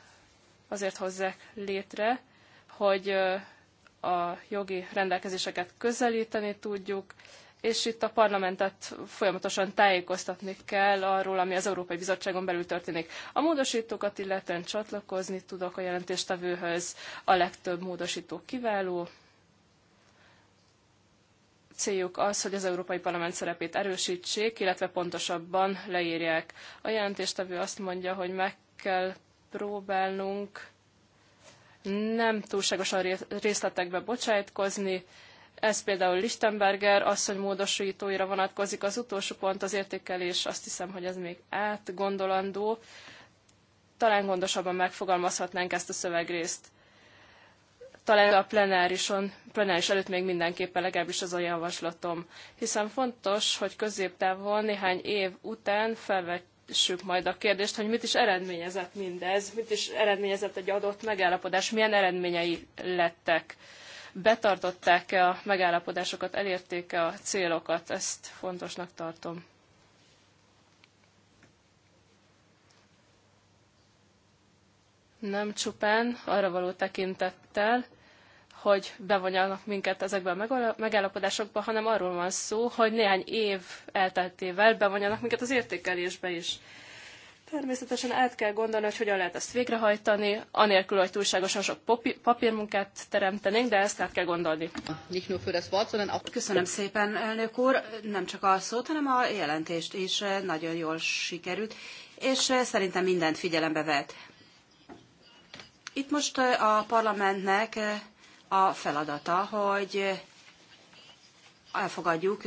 azért hozzák létre, hogy a jogi rendelkezéseket közelíteni tudjuk, és itt a parlamentet folyamatosan tájékoztatni kell arról, ami az Európai Bizottságon belül történik. A módosítókat illetően csatlakozni tudok a jelentéstevőhöz, a legtöbb módosító kiváló, céljuk az, hogy az Európai Parlament szerepét erősítsék, illetve pontosabban leírják. A jelentéstevő azt mondja, hogy meg kell próbálnunk nem túlságosan részletekbe bocsájtkozni, ez például Lichtenberger asszony módosítóira vonatkozik. Az utolsó pont az értékelés, azt hiszem, hogy ez még átgondolandó. Talán gondosabban megfogalmazhatnánk ezt a szövegrészt talán a plenárison, plenáris előtt még mindenképpen legalábbis az a javaslatom, hiszen fontos, hogy középtávon néhány év után felvessük majd a kérdést, hogy mit is eredményezett mindez, mit is eredményezett egy adott megállapodás, milyen eredményei lettek betartották-e a megállapodásokat, elérték-e a célokat, ezt fontosnak tartom. Nem csupán arra való tekintettel, hogy bevonjanak minket ezekbe a megállapodásokba, hanem arról van szó, hogy néhány év elteltével bevonjanak minket az értékelésbe is. Természetesen át kell gondolni, hogy hogyan lehet ezt végrehajtani, anélkül, hogy túlságosan sok papírmunkát teremtenénk, de ezt át kell gondolni. Köszönöm szépen, elnök úr, nem csak a szót, hanem a jelentést is eh, nagyon jól sikerült, és eh, szerintem mindent figyelembe vett. Itt most eh, a parlamentnek a feladata, hogy elfogadjuk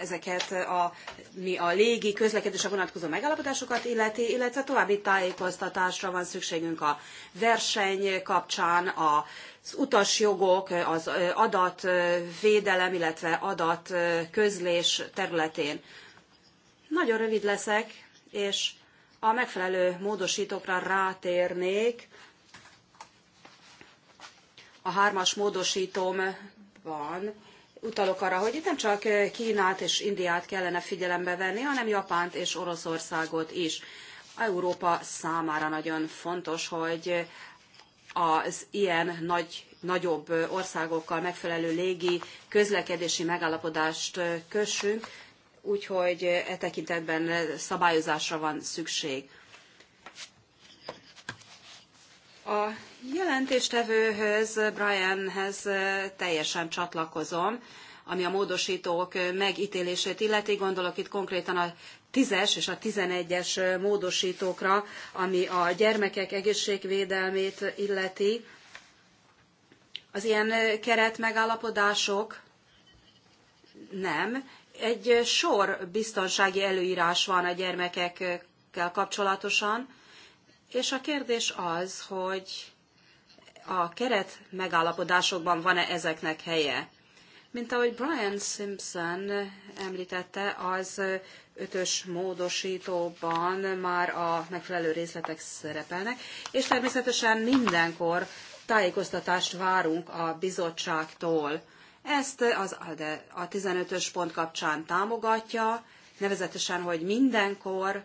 ezeket a, mi a légi közlekedésre vonatkozó megállapodásokat illeti, illetve további tájékoztatásra van szükségünk a verseny kapcsán, az utasjogok, az adatvédelem, illetve adatközlés területén. Nagyon rövid leszek, és a megfelelő módosítókra rátérnék, a hármas módosítómban utalok arra, hogy itt nem csak eh, Kínát és Indiát kellene figyelembe venni, hanem Japánt és Oroszországot is. Európa számára nagyon fontos, hogy az ilyen nagy, nagyobb országokkal megfelelő légi közlekedési megállapodást eh, kössünk, úgyhogy eh, e tekintetben szabályozásra van szükség. A jelentéstevőhöz, Brianhez teljesen csatlakozom, ami a módosítók megítélését illeti, gondolok itt konkrétan a 10-es és a tizenegyes es módosítókra, ami a gyermekek egészségvédelmét illeti. Az ilyen keretmegállapodások nem. Egy sor biztonsági előírás van a gyermekekkel kapcsolatosan, és a kérdés az, hogy a keret megállapodásokban van-e ezeknek helye. Mint ahogy Brian Simpson említette, az ötös módosítóban már a megfelelő részletek szerepelnek, és természetesen mindenkor tájékoztatást várunk a bizottságtól. Ezt az de a 15-ös pont kapcsán támogatja, nevezetesen, hogy mindenkor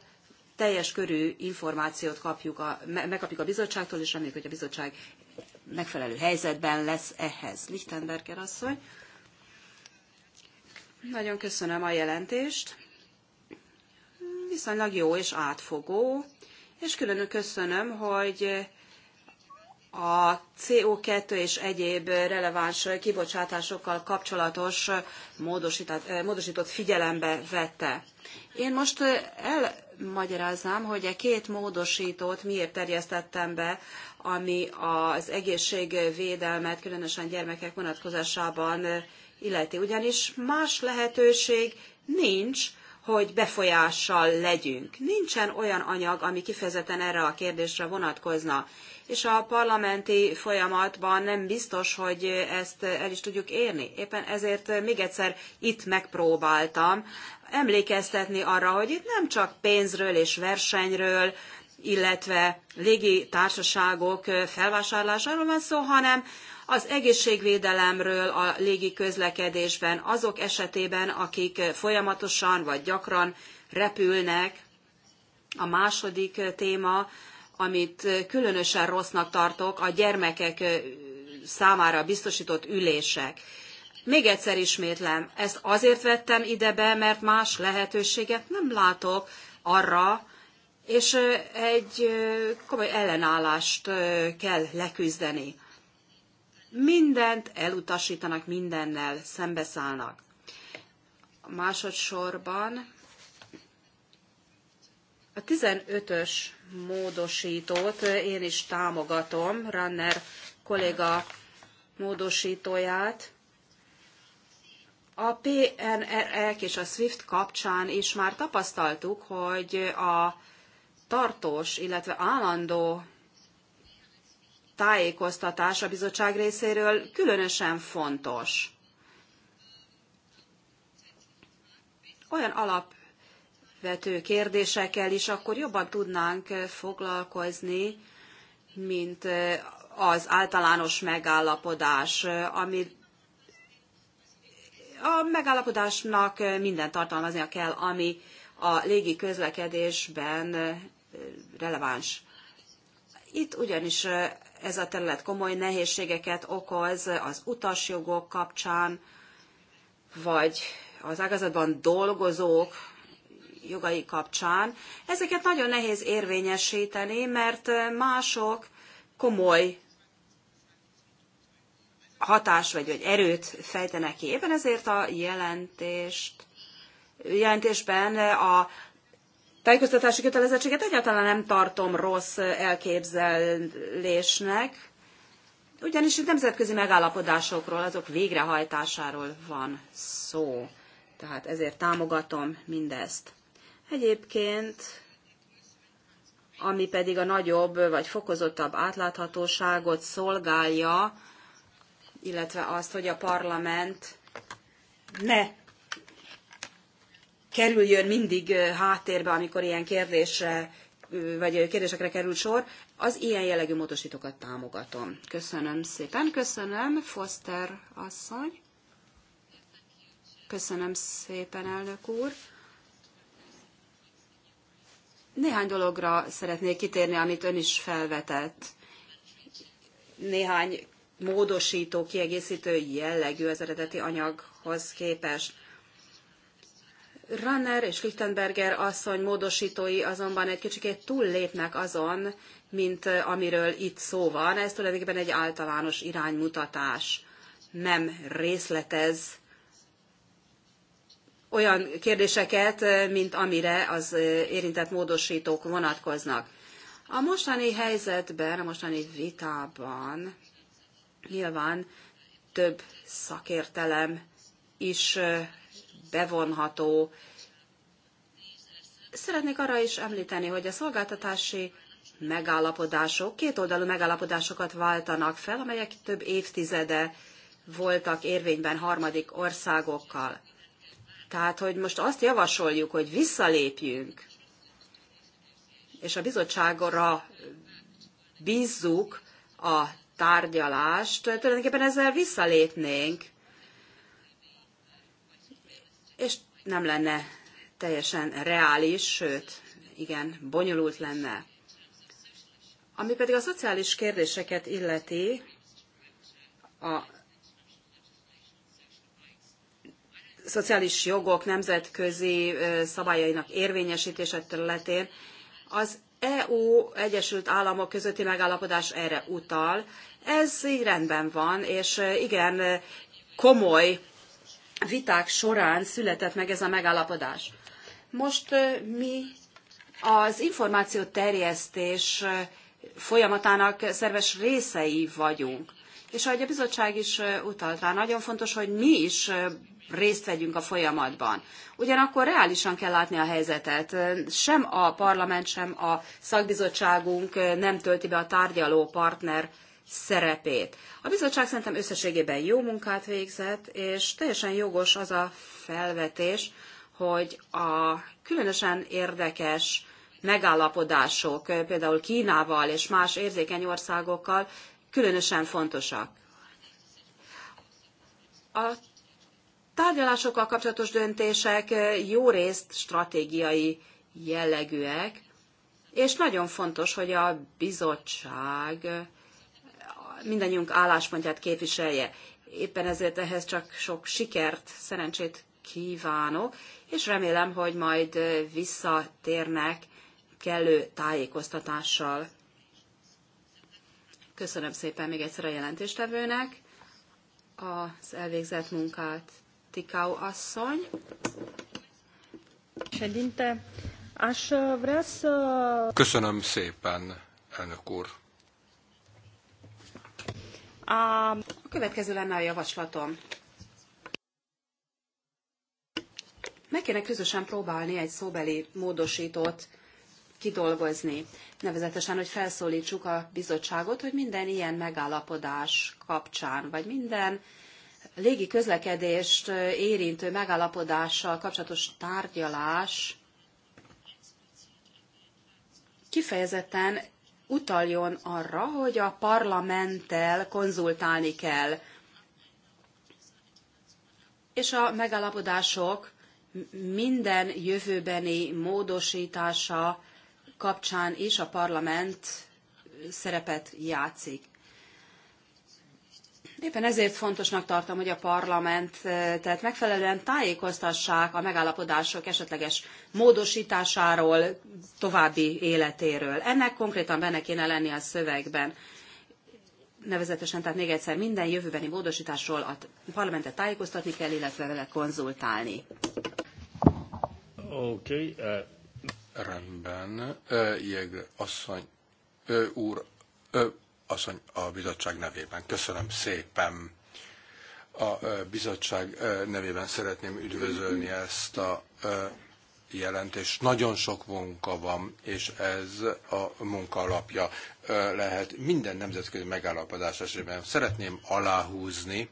teljes körű információt kapjuk a, megkapjuk a bizottságtól, és reméljük, hogy a bizottság megfelelő helyzetben lesz ehhez. Lichtenberger asszony. Nagyon köszönöm a jelentést. Viszonylag jó és átfogó, és különösen köszönöm, hogy a CO2 és egyéb releváns kibocsátásokkal kapcsolatos módosított figyelembe vette. Én most el magyaráznám, hogy a e két módosítót miért terjesztettem be, ami az egészségvédelmet, különösen gyermekek vonatkozásában illeti. Ugyanis más lehetőség nincs, hogy befolyással legyünk. Nincsen olyan anyag, ami kifejezetten erre a kérdésre vonatkozna. És a parlamenti folyamatban nem biztos, hogy ezt el is tudjuk érni. Éppen ezért még egyszer itt megpróbáltam emlékeztetni arra, hogy itt nem csak pénzről és versenyről, illetve légi társaságok felvásárlásáról van szó, hanem az egészségvédelemről a légi közlekedésben azok esetében, akik folyamatosan vagy gyakran repülnek. A második téma, amit különösen rossznak tartok, a gyermekek számára biztosított ülések. Még egyszer ismétlem, ezt azért vettem ide be, mert más lehetőséget nem látok arra, és egy komoly ellenállást kell leküzdeni. Mindent elutasítanak, mindennel szembeszállnak. Másodszorban a 15-ös módosítót én is támogatom, Ranner kolléga módosítóját. A PNR-ek és a SWIFT kapcsán is már tapasztaltuk, hogy a tartós, illetve állandó tájékoztatás a bizottság részéről különösen fontos. Olyan alapvető kérdésekkel is akkor jobban tudnánk foglalkozni, mint az általános megállapodás, amit a megállapodásnak minden tartalmaznia kell, ami a légi közlekedésben releváns. Itt ugyanis ez a terület komoly nehézségeket okoz az utasjogok kapcsán, vagy az ágazatban dolgozók jogai kapcsán. Ezeket nagyon nehéz érvényesíteni, mert mások komoly hatás vagy, vagy erőt fejtenek ki. Éppen ezért a jelentést, jelentésben a tájékoztatási kötelezettséget egyáltalán nem tartom rossz elképzelésnek, ugyanis itt nemzetközi megállapodásokról, azok végrehajtásáról van szó. Tehát ezért támogatom mindezt. Egyébként, ami pedig a nagyobb vagy fokozottabb átláthatóságot szolgálja, illetve azt, hogy a parlament ne kerüljön mindig háttérbe, amikor ilyen kérdésre vagy kérdésekre kerül sor, az ilyen jellegű módosítókat támogatom. Köszönöm szépen, köszönöm, Foster asszony. Köszönöm szépen, elnök úr. Néhány dologra szeretnék kitérni, amit ön is felvetett. Néhány módosító, kiegészítő jellegű az eredeti anyaghoz képest. Runner és Lichtenberger asszony módosítói azonban egy kicsikét túllépnek azon, mint eh, amiről itt szó van. Ez tulajdonképpen egy általános iránymutatás. Nem részletez olyan kérdéseket, eh, mint amire az eh, érintett módosítók vonatkoznak. A mostani helyzetben, a mostani vitában Nyilván több szakértelem is bevonható. Szeretnék arra is említeni, hogy a szolgáltatási megállapodások, kétoldalú megállapodásokat váltanak fel, amelyek több évtizede voltak érvényben harmadik országokkal. Tehát, hogy most azt javasoljuk, hogy visszalépjünk, és a bizottságra bízzuk a tárgyalást, tulajdonképpen ezzel visszalépnénk, és nem lenne teljesen reális, sőt, igen, bonyolult lenne. Ami pedig a szociális kérdéseket illeti, a szociális jogok nemzetközi szabályainak érvényesítése területén, az EU Egyesült Államok közötti megállapodás erre utal. Ez így rendben van, és e, igen e, komoly viták során született meg ez a megállapodás. Most e, mi az információ terjesztés folyamatának szerves részei vagyunk. És ahogy a bizottság is utalt rá, nagyon fontos, hogy mi is részt vegyünk a folyamatban. Ugyanakkor reálisan kell látni a helyzetet. Sem a parlament, sem a szakbizottságunk eh, nem tölti be a tárgyaló partner szerepét. A bizottság szerintem összességében jó munkát végzett, és teljesen jogos az a felvetés, hogy a különösen érdekes megállapodások, eh, például Kínával és más érzékeny országokkal különösen fontosak. A tárgyalásokkal kapcsolatos döntések jó részt stratégiai jellegűek, és nagyon fontos, hogy a bizottság mindannyiunk álláspontját képviselje. Éppen ezért ehhez csak sok sikert, szerencsét kívánok, és remélem, hogy majd visszatérnek kellő tájékoztatással. Köszönöm szépen még egyszer a jelentéstevőnek az elvégzett munkát asszony. Köszönöm szépen, elnök úr. A következő lenne a javaslatom. Meg kéne közösen próbálni egy szóbeli módosítót kidolgozni. Nevezetesen, hogy felszólítsuk a bizottságot, hogy minden ilyen megállapodás kapcsán, vagy minden légi közlekedést érintő megállapodással kapcsolatos tárgyalás kifejezetten utaljon arra, hogy a parlamenttel konzultálni kell, és a megállapodások minden jövőbeni módosítása kapcsán is a parlament szerepet játszik. Éppen ezért fontosnak tartom, hogy a parlamentet megfelelően tájékoztassák a megállapodások esetleges módosításáról, további életéről. Ennek konkrétan benne kéne lenni a szövegben. Nevezetesen, tehát még egyszer, minden jövőbeni módosításról a parlamentet tájékoztatni kell, illetve vele konzultálni. Oké, okay, uh, eh, rendben. Uh, eh, jeg, asszony, uh, úr, uh, asszony a bizottság nevében. Köszönöm szépen. A bizottság nevében szeretném üdvözölni ezt a jelentés. Nagyon sok munka van, és ez a munka alapja lehet minden nemzetközi megállapodás esetében. Szeretném aláhúzni,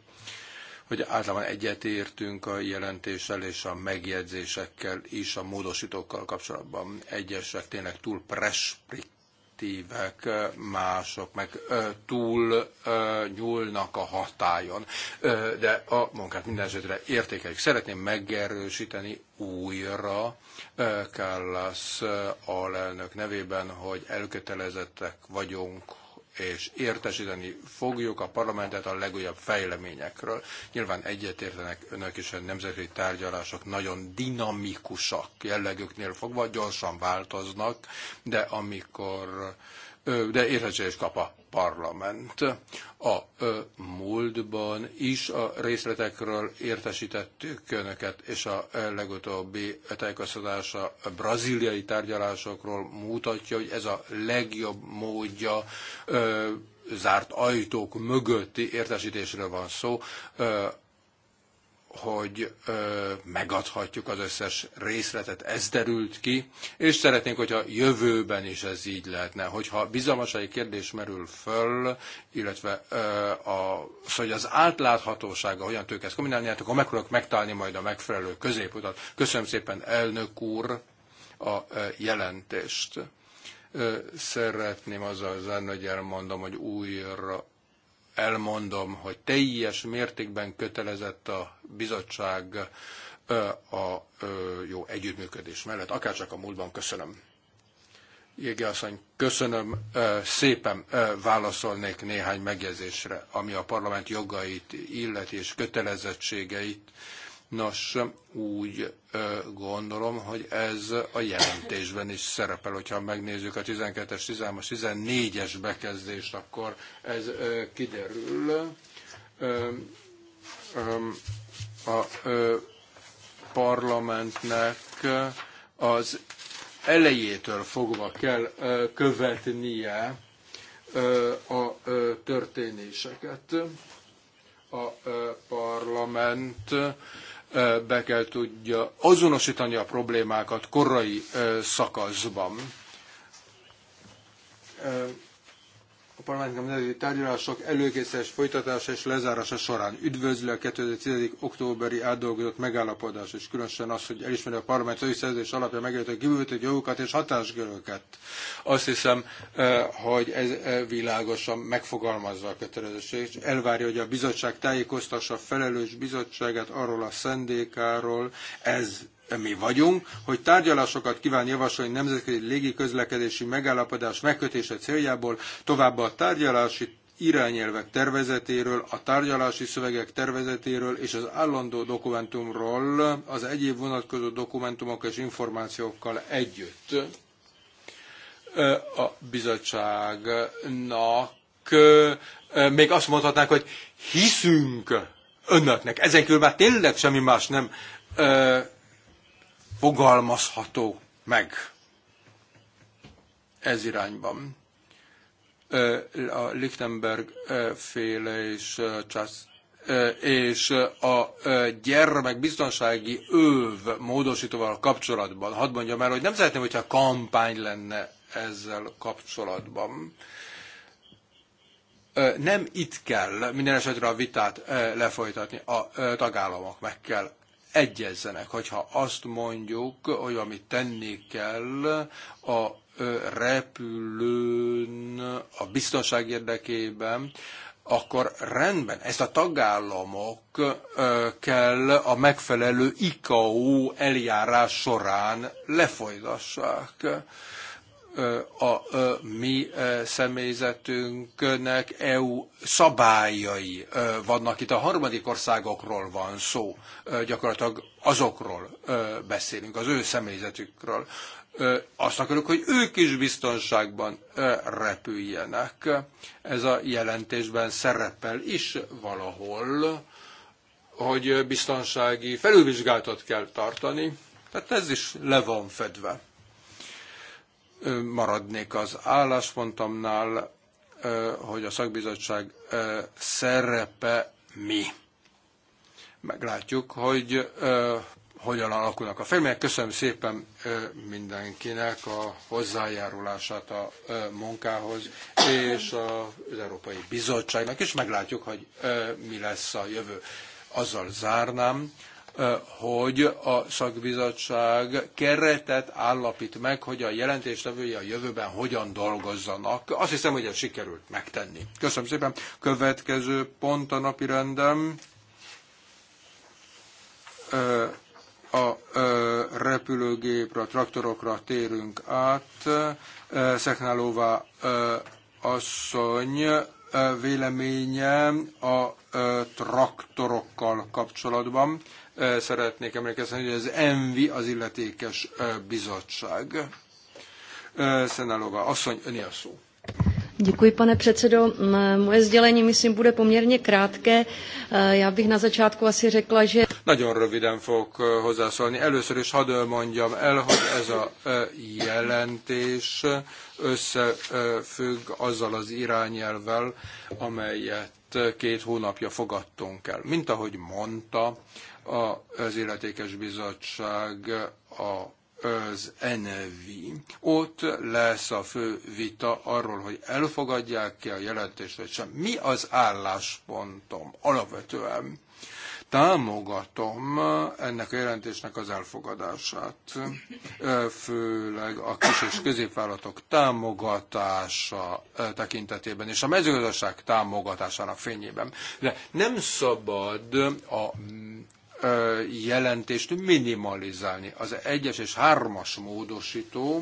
hogy általában egyetértünk a jelentéssel és a megjegyzésekkel is a módosítókkal kapcsolatban. Egyesek tényleg túl direktívek mások meg túl nyúlnak a hatájon, de a munkát minden esetre értékeljük. Szeretném megerősíteni újra az alelnök nevében, hogy elkötelezettek vagyunk, és értesíteni fogjuk a parlamentet a legújabb fejleményekről. Nyilván egyetértenek önök is, hogy a nemzetközi tárgyalások nagyon dinamikusak jellegüknél fogva, gyorsan változnak, de amikor de érhetséges kap a parlament. A múltban is a részletekről értesítettük önöket, és a legutóbbi tájékoztatása a braziliai tárgyalásokról mutatja, hogy ez a legjobb módja zárt ajtók mögötti értesítésről van szó, hogy ö, megadhatjuk az összes részletet, ez derült ki, és szeretnénk, hogyha jövőben is ez így lehetne, hogyha bizalmasai kérdés merül föl, illetve ö, a, az, szóval, hogy az átláthatósága hogyan tudjuk ezt kombinálni, hát akkor tudok megtalálni majd a megfelelő középutat. Köszönöm szépen, elnök úr, a ö, jelentést. Ö, szeretném azzal zárni, hogy elmondom, hogy újra elmondom, hogy teljes mértékben kötelezett a bizottság a jó együttműködés mellett, akárcsak a múltban köszönöm. Jégi asszony, köszönöm szépen válaszolnék néhány megjegyzésre, ami a parlament jogait illeti és kötelezettségeit Nos, úgy gondolom, hogy ez a jelentésben is szerepel. Hogyha megnézzük a 12-es, 13-as, 14-es bekezdést, akkor ez kiderül. A parlamentnek az elejétől fogva kell követnie a történéseket. A parlament be kell tudja azonosítani a problémákat korai szakaszban Parlamenti nemzeti tárgyalások előkészítés folytatása és lezárása során üdvözli a 2010. októberi átdolgozott megállapodás, és különösen az, hogy elismeri a parlament az szerződés alapja megjelentő kibővített jogokat és hatáskörőket. Azt hiszem, eh, hogy ez eh, világosan megfogalmazza a kötelezettség, és elvárja, hogy a bizottság tájékoztassa a felelős bizottságát arról a szendékáról, ez mi vagyunk, hogy tárgyalásokat kíván javasolni nemzetközi légiközlekedési megállapodás megkötése céljából, továbbá a tárgyalási irányelvek tervezetéről, a tárgyalási szövegek tervezetéről és az állandó dokumentumról az egyéb vonatkozó dokumentumokkal és információkkal együtt. A bizottságnak még azt mondhatnánk, hogy hiszünk önöknek. Ezen kívül már tényleg semmi más nem fogalmazható meg ez irányban. A Lichtenberg féle és és a gyermek biztonsági őv módosítóval kapcsolatban, hadd mondjam el, hogy nem szeretném, hogyha kampány lenne ezzel kapcsolatban. Nem itt kell minden esetre a vitát lefolytatni, a tagállamok meg kell egyezzenek, hogyha azt mondjuk, hogy amit tenni kell a repülőn a biztonság érdekében, akkor rendben, ezt a tagállamok kell a megfelelő ICAO eljárás során lefolytassák a mi személyzetünknek EU szabályai vannak. Itt a harmadik országokról van szó, gyakorlatilag azokról beszélünk, az ő személyzetükről. Azt akarjuk, hogy ők is biztonságban repüljenek. Ez a jelentésben szerepel is valahol, hogy biztonsági felülvizsgálatot kell tartani. Tehát ez is le van fedve maradnék az álláspontomnál, hogy a szakbizottság szerepe mi. Meglátjuk, hogy hogyan alakulnak a fejlemények. Köszönöm szépen mindenkinek a hozzájárulását a munkához, és az Európai Bizottságnak is meglátjuk, hogy mi lesz a jövő. Azzal zárnám, hogy a szakbizottság keretet állapít meg, hogy a jelentéstevője a jövőben hogyan dolgozzanak. Azt hiszem, hogy ez sikerült megtenni. Köszönöm szépen. Következő pont a napi rendem a repülőgépre, a traktorokra térünk át. Szeknálóvá asszony véleménye a traktorokkal kapcsolatban. Szeretnék emlékezni, hogy az ENVI az illetékes bizottság. Szenáloga asszony, öné a szó. Děkuji, pane předsedo. Moje sdělení, myslím, bude poměrně krátké. E, já bych na začátku asi řekla, že... Nagyon röviden fogok e, hozzászólni. Először is hadd mondjam el, hogy ez a e, jelentés összefügg azzal az irányelvel, amelyet két hónapja fogadtunk el. Mint ahogy mondta, az illetékes bizottság a az NV. Ott lesz a fő vita arról, hogy elfogadják-e a jelentést, vagy sem. Mi az álláspontom? Alapvetően támogatom ennek a jelentésnek az elfogadását, főleg a kis és középvállalatok támogatása tekintetében és a mezőgazdaság támogatásának fényében. De nem szabad a jelentést minimalizálni. Az egyes és hármas módosító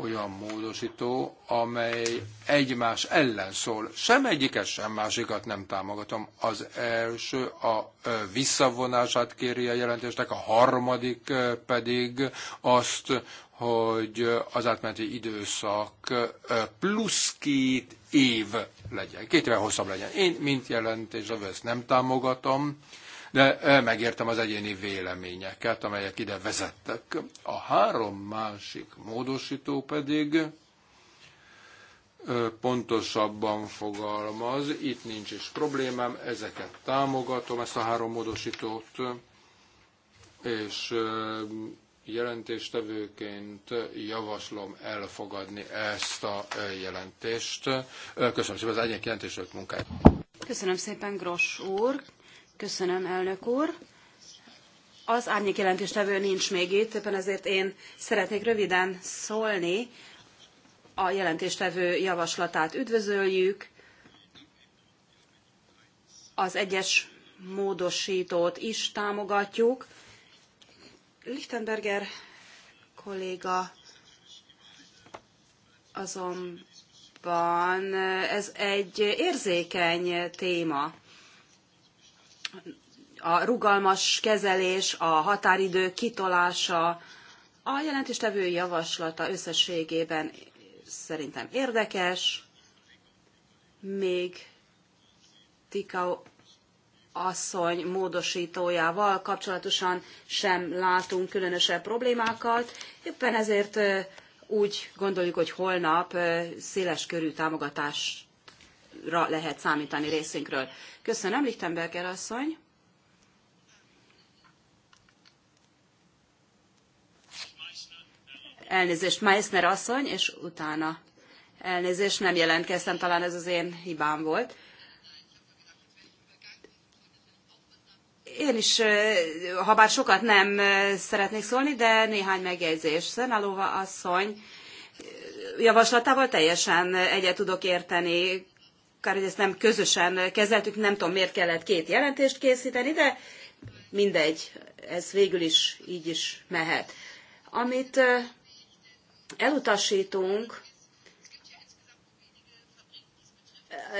olyan módosító, amely egymás ellen szól. Sem egyiket, sem másikat nem támogatom. Az első a visszavonását kéri a jelentésnek, a harmadik pedig azt, hogy az átmeneti időszak plusz két év legyen, két évvel hosszabb legyen. Én, mint jelentés, ezt nem támogatom, de megértem az egyéni véleményeket, amelyek ide vezettek. A három másik módosító pedig pontosabban fogalmaz, itt nincs is problémám, ezeket támogatom, ezt a három módosítót, és jelentéstevőként javaslom elfogadni ezt a jelentést. Köszönöm szépen az egyik jelentések munkáját. Köszönöm szépen, Gross úr. Köszönöm, elnök úr. Az árnyék jelentéstevő nincs még itt, éppen ezért én szeretnék röviden szólni. A jelentéstevő javaslatát üdvözöljük. Az egyes módosítót is támogatjuk. Lichtenberger kolléga azonban ez egy érzékeny téma a rugalmas kezelés, a határidő kitolása, a jelentéstevő javaslata összességében szerintem érdekes, még Tikau asszony módosítójával kapcsolatosan sem látunk különösebb problémákat. Éppen ezért úgy gondoljuk, hogy holnap széles körű támogatást ra lehet számítani részünkről. Köszönöm, Lichtenberger asszony. Elnézést, Meissner asszony, és utána elnézést, nem jelentkeztem, talán ez az én hibám volt. Én is, ha bár sokat nem szeretnék szólni, de néhány megjegyzés. Szenálóva asszony javaslatával teljesen egyet tudok érteni kár, hogy ezt nem közösen kezeltük, nem tudom, miért kellett két jelentést készíteni, de mindegy, ez végül is így is mehet. Amit elutasítunk,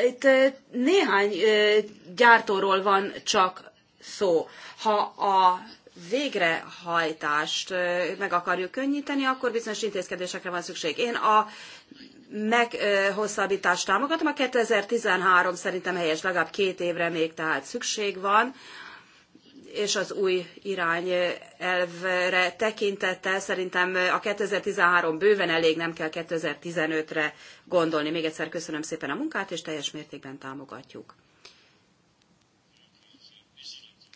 itt néhány gyártóról van csak szó. Ha a végrehajtást meg akarjuk könnyíteni, akkor bizonyos intézkedésekre van szükség. Én a meghosszabbítást támogatom. A 2013 szerintem helyes, legalább két évre még tehát szükség van és az új irányelvre tekintettel szerintem a 2013 bőven elég, nem kell 2015-re gondolni. Még egyszer köszönöm szépen a munkát, és teljes mértékben támogatjuk.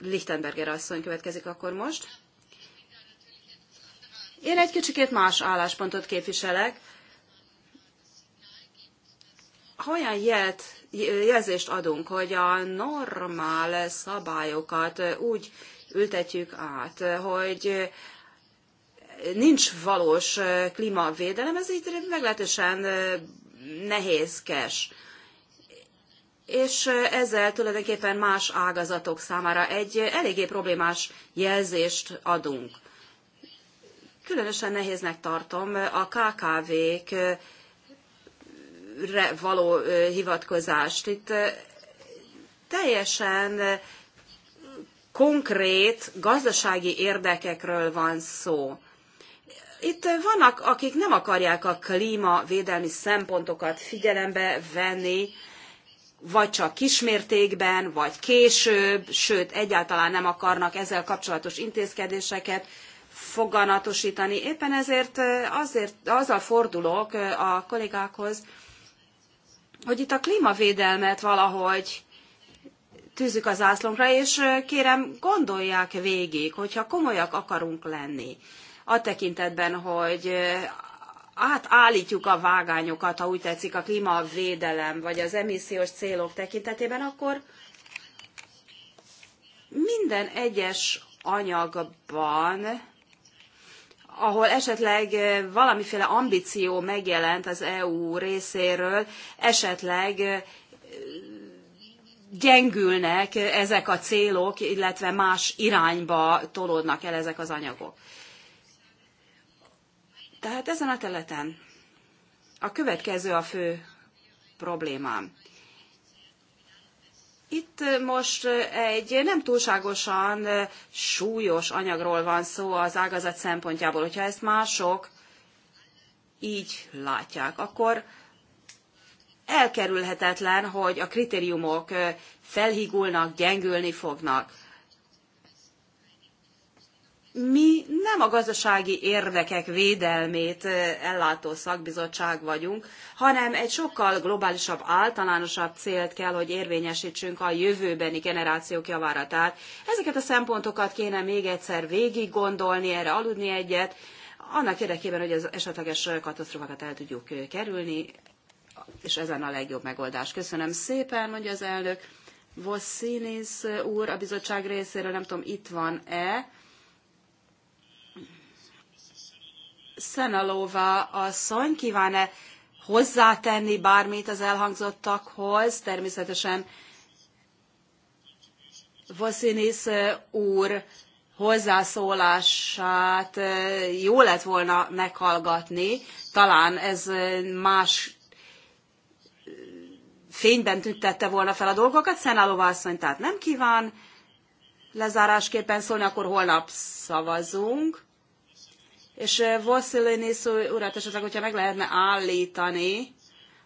Lichtenberger asszony következik akkor most. Én egy kicsikét más álláspontot képviselek ha olyan jelt, jelzést adunk, hogy a normál szabályokat úgy ültetjük át, hogy nincs valós klímavédelem, ez így meglehetősen nehézkes. És ezzel tulajdonképpen más ágazatok számára egy eléggé problémás jelzést adunk. Különösen nehéznek tartom a KKV-k re való hivatkozást. Itt teljesen konkrét gazdasági érdekekről van szó. Itt vannak, akik nem akarják a klímavédelmi szempontokat figyelembe venni, vagy csak kismértékben, vagy később, sőt, egyáltalán nem akarnak ezzel kapcsolatos intézkedéseket foganatosítani. Éppen ezért azért, azzal fordulok a kollégákhoz, hogy itt a klímavédelmet valahogy tűzzük az zászlónkra, és kérem, gondolják végig, hogyha komolyak akarunk lenni a tekintetben, hogy átállítjuk a vágányokat, ha úgy tetszik, a klímavédelem vagy az emissziós célok tekintetében, akkor minden egyes anyagban ahol esetleg valamiféle ambíció megjelent az EU részéről, esetleg gyengülnek ezek a célok, illetve más irányba tolódnak el ezek az anyagok. Tehát ezen a területen a következő a fő problémám. Itt most egy nem túlságosan súlyos anyagról van szó az ágazat szempontjából. Hogyha ezt mások így látják, akkor elkerülhetetlen, hogy a kritériumok felhigulnak, gyengülni fognak mi nem a gazdasági érdekek védelmét ellátó szakbizottság vagyunk, hanem egy sokkal globálisabb, általánosabb célt kell, hogy érvényesítsünk a jövőbeni generációk javára. Tehát ezeket a szempontokat kéne még egyszer végig gondolni, erre aludni egyet, annak érdekében, hogy az esetleges katasztrófákat el tudjuk kerülni, és ezen a legjobb megoldás. Köszönöm szépen, mondja az elnök. Vosszinis úr a bizottság részéről, nem tudom, itt van-e Szenalová asszony kíván-e hozzátenni bármit az elhangzottakhoz? Természetesen Vosinis úr hozzászólását jó lett volna meghallgatni. Talán ez más fényben tüntette volna fel a dolgokat. Szenálova asszony tehát nem kíván lezárásképpen szólni, akkor holnap szavazunk és eh, Vosszilénis urat esetleg, hogyha meg lehetne állítani,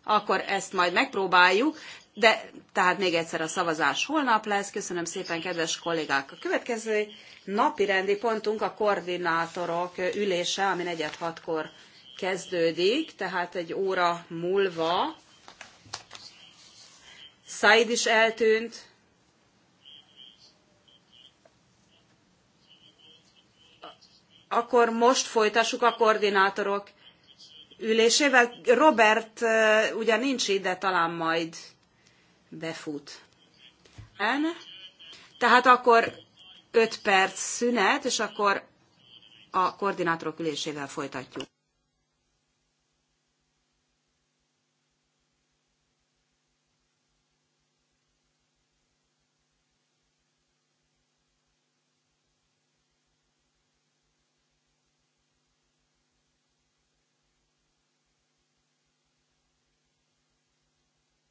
akkor ezt majd megpróbáljuk, de tehát még egyszer a szavazás holnap lesz. Köszönöm szépen, kedves kollégák! A következő napi rendi pontunk a koordinátorok ülése, amin egyet hatkor kezdődik, tehát egy óra múlva. Said is eltűnt, akkor most folytassuk a koordinátorok ülésével. Robert ugyan nincs itt, de talán majd befut. En? Tehát akkor 5 perc szünet, és akkor a koordinátorok ülésével folytatjuk.